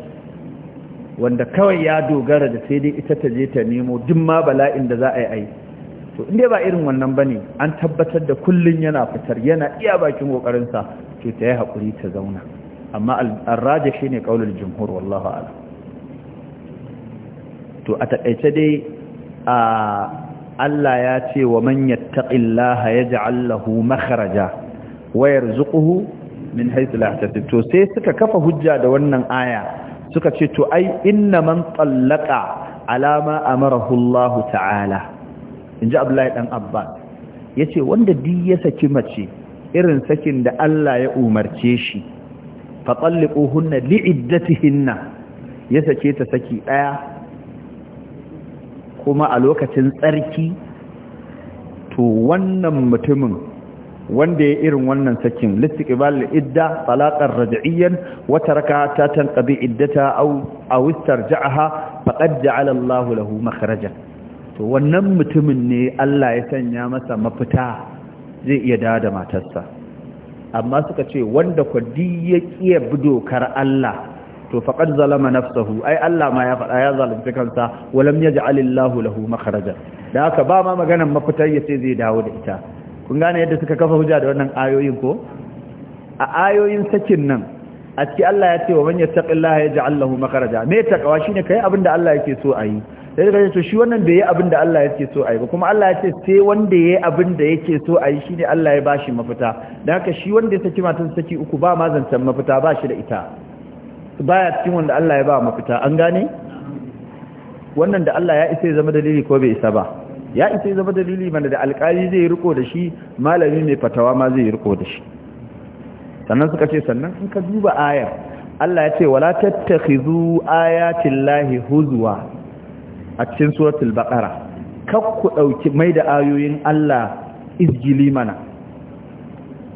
wanda kawai ya dogara da sai dai ita ta je ta nemo duk ma bala'in da za a yi ai to inda ba irin wannan bane an tabbatar da kullum yana fitar yana iya bakin kokarinsa to ta yi hakuri ta zauna amma al raja shine qaulul jumhur wallahu a'lam to a takaice dai a Allah ya ce wa manyan taƙillaha ya lahu makaraja. Wayar zuƙuhu min haythu la to sai suka kafa hujja da wannan aya suka ce to ai inna man tallaka alama mara Hullahu ta'ala inji Abdullahi ɗan Abba yace wanda di ya saki mace irin sakin da Allah ya umarce shi fa talliquhunna li'iddatihinna ya sake ta saki ɗaya. kuma a lokacin tsarki to wannan mutumin wanda ya irin wannan sakin listiqbal idda talaqan raj'iyyan wata raka ta tankabi iddata aw aw Ja'aha, faqad ja'ala lahu makhraja to wannan mutumin ne Allah ya sanya masa mafita zai iya dawo da matarsa amma suka ce wanda kwadi ya ƙiya bi dokar Allah to faqad zalama nafsuhu ai Allah ma ya fada ya zalunci kansa walam yaj'al lahu makhraja da haka ba ma maganan mafitar yace zai dawo da ita kun gane yadda suka kafa hujja da wannan ayoyin ko a ayoyin sakin nan a ciki Allah ya ce wa man yattaqillaha yaj'al lahu makhraja me takawa shine kai abinda Allah yake so ayi sai kaje to shi wannan bai yi abinda Allah yake so ayi ba kuma Allah ya ce sai wanda yayi abinda yake so ayi shine Allah ya bashi mafita dan haka shi wanda ya saki matan saki uku ba ma zancan mafita ba shi da ita baya cikin wanda Allah ya ba mafita an gane wannan da Allah ya isa ya zama dalili ko bai isa ba ya isa ya zama dalili mana da alƙali zai riko da shi malami mai fatawa ma zai riko da shi sannan suka ce sannan in ka duba ayar Allah ya ce wala tattakhizu ayatil lahi huzwa a cikin suratul baqara kakku dauki mai da ayoyin Allah izgili mana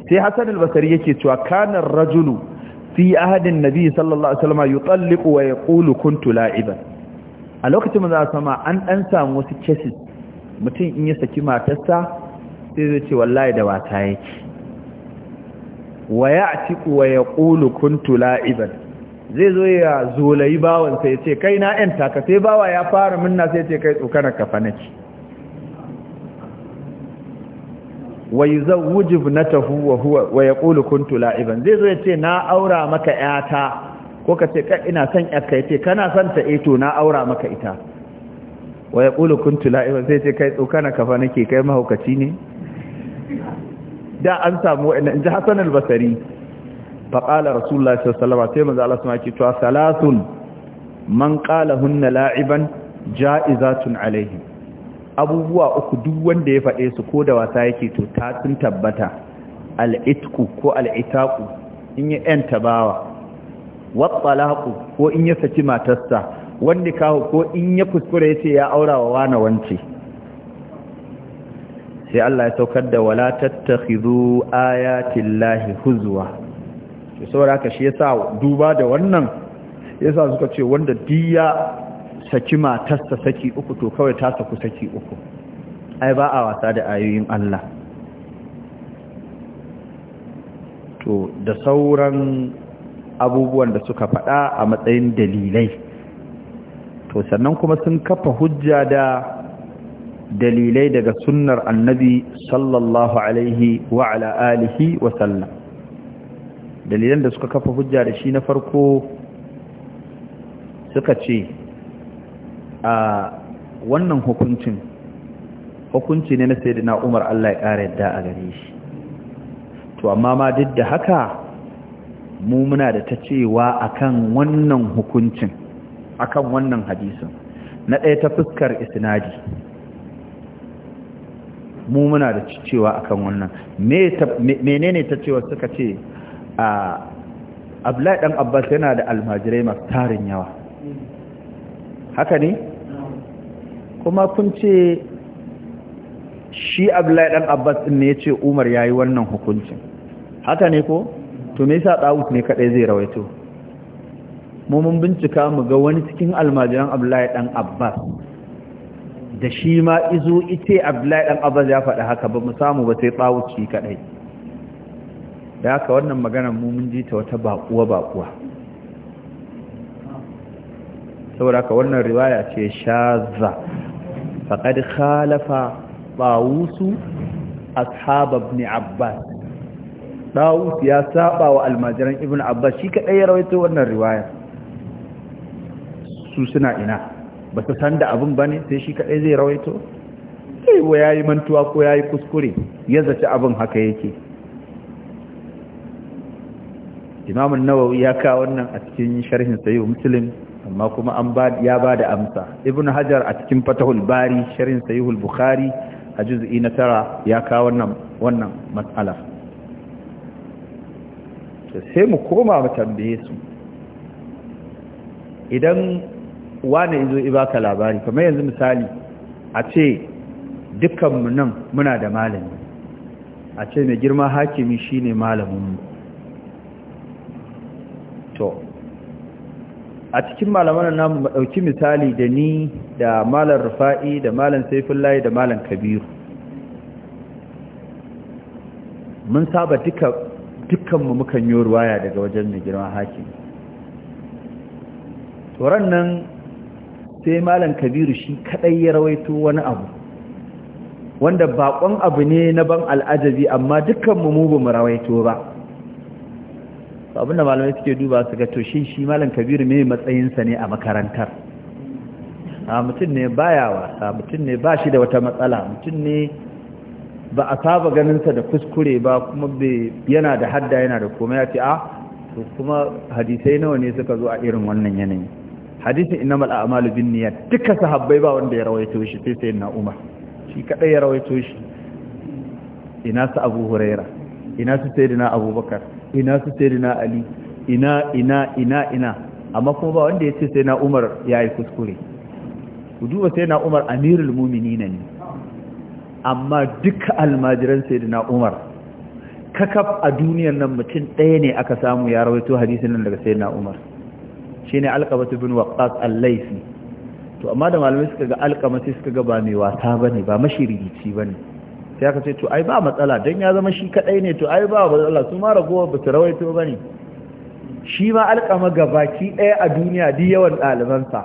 sai Hassan al-Basri yake cewa kana rajulu fi ahadin nabi sallallahu alaihi wasallam yutalliqu wa yaqulu kuntu la'iban a lokacin da sama an dan samu wasu cases mutum in ya saki matarsa sai zai ce wallahi da wata yake wa ya'tiqu wa yaqulu kuntu la'iban zai zo ya zolayi bawansa ya ce kai na yan taka sai bawa ya fara minna sai ya ce kai tsokana kafa wa na ibnatahu wa huwa wa yaqulu kuntu la'iban zai zo ce na aura maka yata ko ce ka ina son ya ce kana son ta eh to na aura maka ita wa yaqulu kuntu la'iban sai ce kai tsokana kafa nake kai mahaukaci ne da an samu in ji Hassan al Basari. fa qala rasulullahi sallallahu alaihi wasallam sai manzo Allah sama ce to salasun man qala hunna la'iban ja'izatun alaihim abubuwa uku duk wanda ya faɗe su ko da wasa yake to ta sun tabbata al'itku ko al'itaku in yi ‘yan tabawa watsalaku ko in ya saki matarsa wanda kawo ko in ya kuskure ya ce ya aura wa wana wance sai Allah ya saukar da wala tattakhidhu ayatin lahi huzwa saboda ka shi yasa duba da wannan yasa suka ce wanda diya saki matarsa saki uku to kawai ta saku saki uku ai ba a wasa da ayoyin Allah to da sauran abubuwan da suka faɗa a matsayin dalilai to sannan kuma sun kafa hujja da dalilai daga sunnar annabi sallallahu alaihi wa ala alihi wa sallam dalilan da suka kafa hujja da shi na farko suka ce a wannan hukuncin hukunci ne na na Umar Allah ya ƙara yadda a gare shi to amma ma duk da haka mu muna da ta cewa akan wannan hukuncin akan wannan hadisun na ɗaya ta fuskar isinadi mu muna da cewa akan wannan menene ta cewa suka ce a abdullahi dan abbas yana da almajirai masu tarin yawa haka ne kuma kun ce shi abdullahi dan abbas din ne yace umar ya yi wannan hukuncin haka ne ko to me yasa dawud ne kadai zai rawaito mu bincika mu ga wani cikin almajiran abdullahi dan abbas da shi ma izo ite abdullahi dan abbas ya faɗi haka ba mu samu ba sai dawud shi kadai da haka wannan maganar mu mun ji ta wata baƙuwa baƙuwa saboda haka wannan riwaya ce shaza faƙad khalafa ɗawusu ashab ibn abbas ɗawus ya saba wa almajiran ibn abbas shi kaɗai ya rawaito wannan riwayar su suna ina ba su san da abin ba ne sai shi kaɗai zai rawaito wa ya yi mantuwa ko ya yi kuskure ya zaci abin haka yake imamun nawawi ya kawo wannan a cikin sharhin sayo muslim amma kuma an ba ya ba da amsa ibn hajar a cikin fatahul bari sharin sahihul bukhari a juz'i na tara ya kawo wannan wannan matsala sai mu koma mu tambaye su idan wani izo ibaka labari kamar yanzu misali a ce dukkanmu nan muna da malami a ce mai girma hakimi shine malamin mu to a cikin malaman namu mu dauki misali da ni da malam rufa'i da malam saifullahi da malam kabiru mun saba duka dukkanmu mukan yi ruwaya daga wajen mai girma hakim turan nan sai malam kabiru shi kadai ya rawaito wani abu wanda bakon abu ne na ban al'ajabi amma dukkanmu mu ba rawaito ba abin da malamai suke duba su ga to shi shi malam kabiru me matsayinsa ne a makarantar a mutum ne baya wasa mutum ne ba shi da wata matsala mutum ne ba a saba ganinsa da kuskure ba kuma yana da hadda yana da komai ya ce a ah, to kuma hadisai nawa ne suka zo a irin wannan yanayi hadisin innamal a'malu binniyat duka sahabbai ba wanda ya rawaito shi sai sai na umar shi kada ya rawaito shi ina su abu huraira ina su sayyidina abubakar ina su na ali ina ina ina ina amma kuma ba wanda ya ce na umar ya yi kuskure ku duba na umar amirul mumini ne amma duka almajiran na umar kakaf a duniyar nan mutum ɗaya ne aka samu ya rawaito hadisin nan daga na umar ne alqabatu bin waqqas al to amma da malamai suka ga alqama sai suka ga ba mai wasa bane ba mashirici bane sai aka ce to ai ba matsala don ya zama shi kadai ne to ai ba matsala su ma ragowar ba su rawaito ba ne shi ma alƙama gabaki ɗaya a duniya di yawan ɗalibansa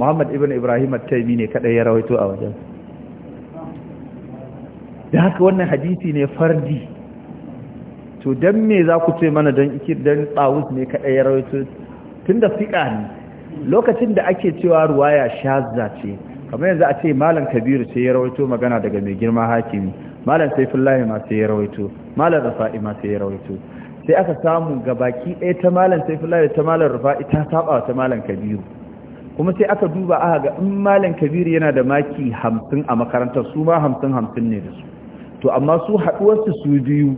muhammad ibn ibrahim taimi ne kadai ya rawaito a wajen da haka wannan hadisi ne fardi to don me za ku ce mana don ikir don tsawus ne kadai ya rawaito tun da fiƙa ne lokacin da ake cewa ruwaya shazza ce kamar yanzu a ce malam kabiru sai ya rawaito magana daga mai girma hakimi malam saifullahi ma sai ya rawaito malam rafa'i ma sai ya rawaito sai aka samu ga baki ɗaya ta malam saifullahi ta malam rafa'i ta saba ta malam kabiru kuma sai aka duba aka ga in malam kabiru yana da maki hamsin a makarantar su ma hamsin hamsin ne da su to amma su haɗuwarsu su biyu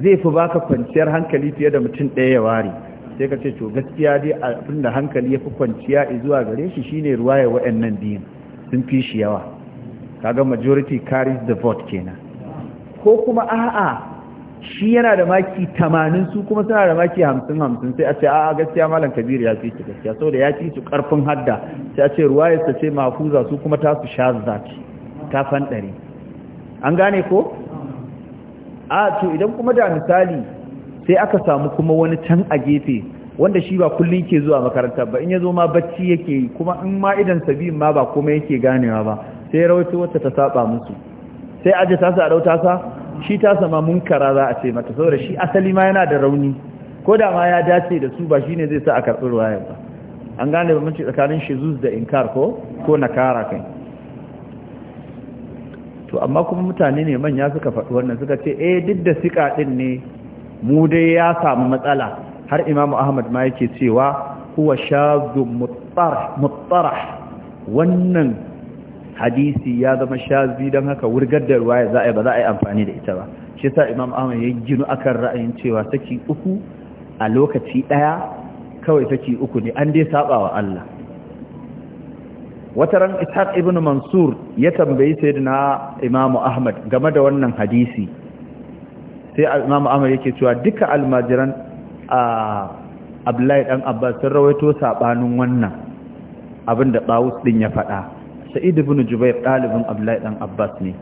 zai fi baka kwanciyar hankali fiye da mutum ɗaya ya ware sai ka ce to gaskiya dai abinda hankali ya fi kwanciya zuwa gare shi shine ruwaya wa'annan biyun sun fi shi yawa kaga majority carries the vote kenan ko kuma a'a shi yana da maki 80 su kuma suna da maki 50 50 sai a ce a'a gaskiya malam kabir ya fi su gaskiya saboda ya fi su karfin hadda sai a ce ruwa ya ce mafuza su kuma ta su sha ce ta fandare an gane ko a to idan kuma da misali sai aka samu kuma wani can a gefe wanda shi ba kullum ke zuwa makaranta ba in ya zo ma bacci yake yi kuma in ma idan sabiyin ma ba kuma yake ganewa ba sai rawaito wacce ta saba musu sai aje sa a dauta sa shi tasa ma munkara za a ce mata saboda shi asali ma yana da rauni ko da ma ya dace da su ba shine zai sa a karɓi ruwaya ba an gane ba ce tsakanin shizus da inkar ko ko nakara kai to amma kuma mutane ne manya suka faɗi wannan suka ce eh duk da sika din ne mu dai ya samu matsala har imamu ahmad ma yake cewa huwa shadhu muttarah wannan hadisi ya zama shazi don haka wurgar da ruwaya za a ba za a yi amfani da ita ba shi sa imam ahmad ya ginu akan ra'ayin cewa saki uku a lokaci ɗaya kawai saki uku ne an dai saba wa Allah wata ran ishaq ibn mansur ya tambayi sayyidina imam ahmad game da wannan hadisi sai imam ahmad yake cewa duka almajiran a abdullahi dan abbas sun rawaito sabanin wannan abin da ɗawus ɗin ya faɗa Sa'idu ibn jubair ɗalibin abdullahi dan abbas ne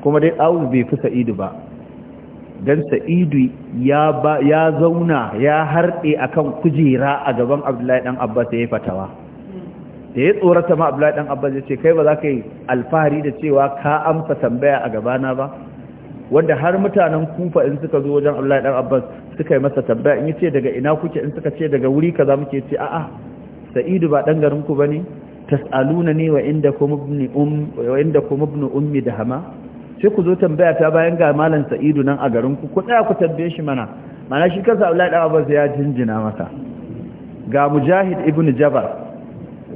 kuma dai ɗawus bai fi sa'idu ba don sa'idu ya zauna ya harɗe akan kujera a gaban abdullahi dan abbas ya yi fatawa da ya tsorata ma abdullahi dan abbas ya ce kai ba za ka yi alfahari da cewa ka amsa tambaya a gabana ba wanda har mutanen kufa in suka zo wajen Abdullahi dan Abbas suka yi masa tambaya in yace daga ina kuke in suka ce daga wuri kaza muke ce a'a Sa'idu ba dan garin ku bane tas'aluna ne wa kum ibn um wa kum ibn ummi dahama sai ku zo tambaya ta bayan ga malam Sa'idu nan a garin ku ku tsaya ku tambaye shi mana mana shi kansa Abdullahi dan Abbas ya jinjina maka. ga Mujahid ibn Jabal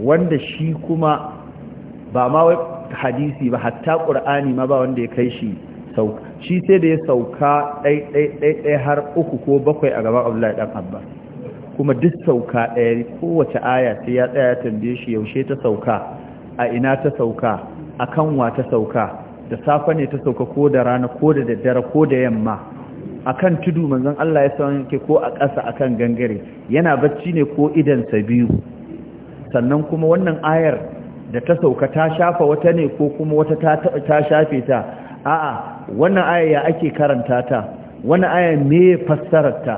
wanda shi kuma ba ma wai hadisi ba hatta Qur'ani ma ba wanda ya kai shi shi sai da ya sauka ɗaiɗaiɗaiɗai har uku ko bakwai a gaban abdullahi ɗan abbas kuma duk sauka ɗaya kowace aya sai ya tsaya tambaye shi yaushe ta sauka a ina ta sauka a kanwa ta sauka da safe ne ta sauka ko da rana ko da daddare ko da yamma akan tudu manzon Allah ya san ke ko a ƙasa akan gangare yana bacci ne ko idan sa biyu sannan kuma wannan ayar da ta sauka ta shafa wata ne ko kuma wata ta shafe ta a'a wannan aya ya ake karanta ta wannan aya me fassarar ta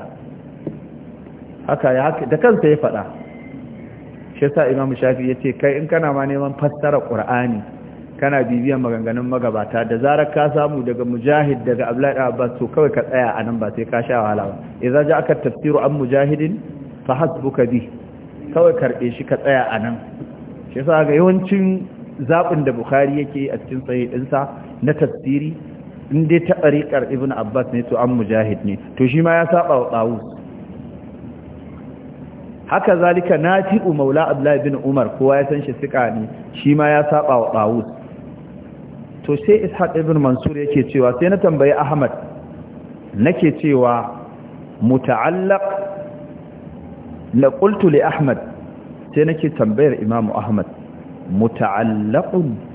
haka ya da kansa ya faɗa shi yasa Imam Shafi yace kai in kana ma neman fassara Qur'ani kana bibiyan maganganun magabata da zarar ka samu daga Mujahid daga Abdullahi Abbas to kawai ka tsaya anan ba sai ka sha wahala ba idza ja'aka tafsiru an Mujahidin fa hasbuka bi kawai karbe shi ka tsaya anan shi yasa ga yawancin zaɓin da Bukhari yake a cikin sahihinsa ɗinsa na tafsiri in dai ta ɗariƙar ibn abbas ne to an mujahid ne to shi ma ya saba wa ɗawus haka zalika na fi umaula abdullahi bin umar kowa ya san shi sika ne shi ma ya saba wa ɗawus to sai ishaq ibn mansur yake cewa sai na tambayi ahmad nake cewa muta'allaq la qultu li ahmad sai nake tambayar imamu ahmad muta'allaqun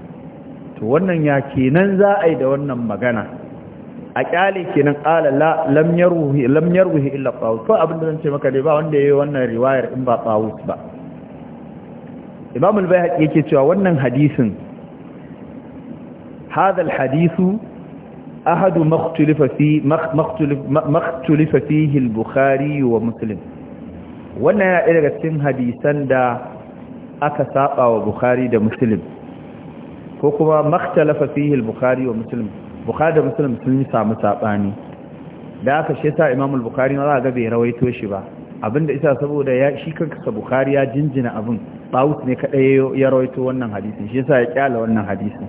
to wannan ya kenan za a yi da wannan magana a kyale kenan ƙala lam yarwuhi illa tsawus ko abinda zan ce maka dai ba wanda ya yi wannan riwayar in ba tsawus ba imamu al-bayhaqi yake cewa wannan hadisin hadal al ahadu maktulifa fi fihi bukhari wa muslim wannan yana daga cikin hadisan da aka saba wa bukhari da muslim ko kuma makhtalafa fihi al-bukhari wa muslim bukhari da muslim sun yi samu sabani da aka she ta imam al-bukhari ma za ga bai rawaito shi ba abinda isa saboda ya shi kanka bukhari ya jinjina abin tawus ne kadai ya rawaito wannan hadisin shi yasa ya kyala wannan hadisin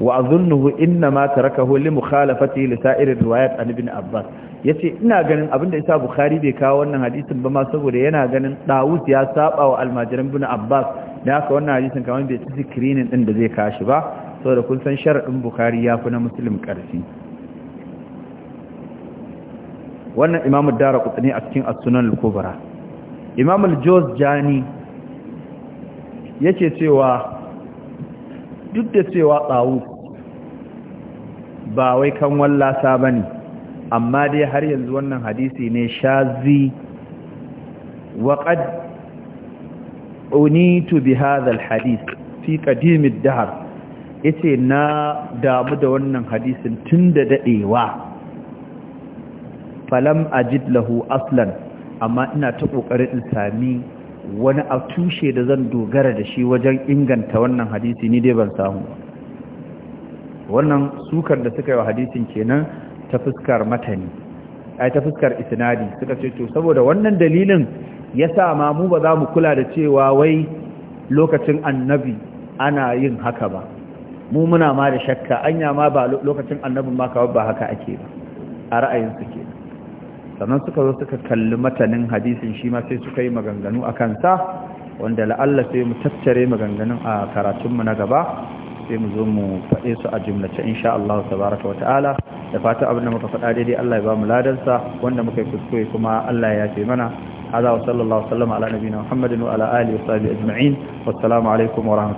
wa azunnuhu inna ma tarakahu li mukhalafati li sa'ir riwayat an ibn abbas yace ina ganin abinda isa bukhari bai kawo wannan hadisin ba ma saboda yana ganin dawud ya saba wa almajiran ibn abbas da haka wannan hadisin kamar bai ci zikirinin din da zai kashi ba saboda kun san sharaɗin bukari ya fi na musulun ƙarfi wannan imamu dara kutsani a cikin asunan lukubara imamu jos jani yake cewa duk da cewa tsawo ba wai kan wallasa ba ne amma dai har yanzu wannan hadisi ne shazi waƙad unitu bi hadhal hadith fi qadim dahr yace na damu da wannan hadisin tunda dadewa falam ajid lahu aslan amma ina ta kokarin in sami wani atushe da zan dogara da shi wajen inganta wannan hadisi ni dai ban samu wannan sukar da suka yi hadisin kenan ta fuskar matani ai ta fuskar isnadi suka ce to saboda wannan dalilin ya sa ma mu ba za mu kula da cewa wai lokacin annabi ana yin haka ba mu muna ma da shakka anya ma ba lokacin annabin ma kawai ba haka ake ba a ra'ayinsu ke sannan suka zo suka kalli matanin hadisin shi ma sai suka yi maganganu a kansa wanda la'alla sai mu tattare maganganun a karatunmu na gaba sai mu zo mu faɗe su a jumlace insha Allah tabaraka wa ta'ala da fata abin da muka faɗa daidai Allah ya ba mu ladansa wanda muka yi kuskure kuma Allah ya yafe mana hada wa sallallahu alaihi wa sallam ala nabiyina Muhammadin wa ala alihi wa sahbihi ajma'in wassalamu alaikum wa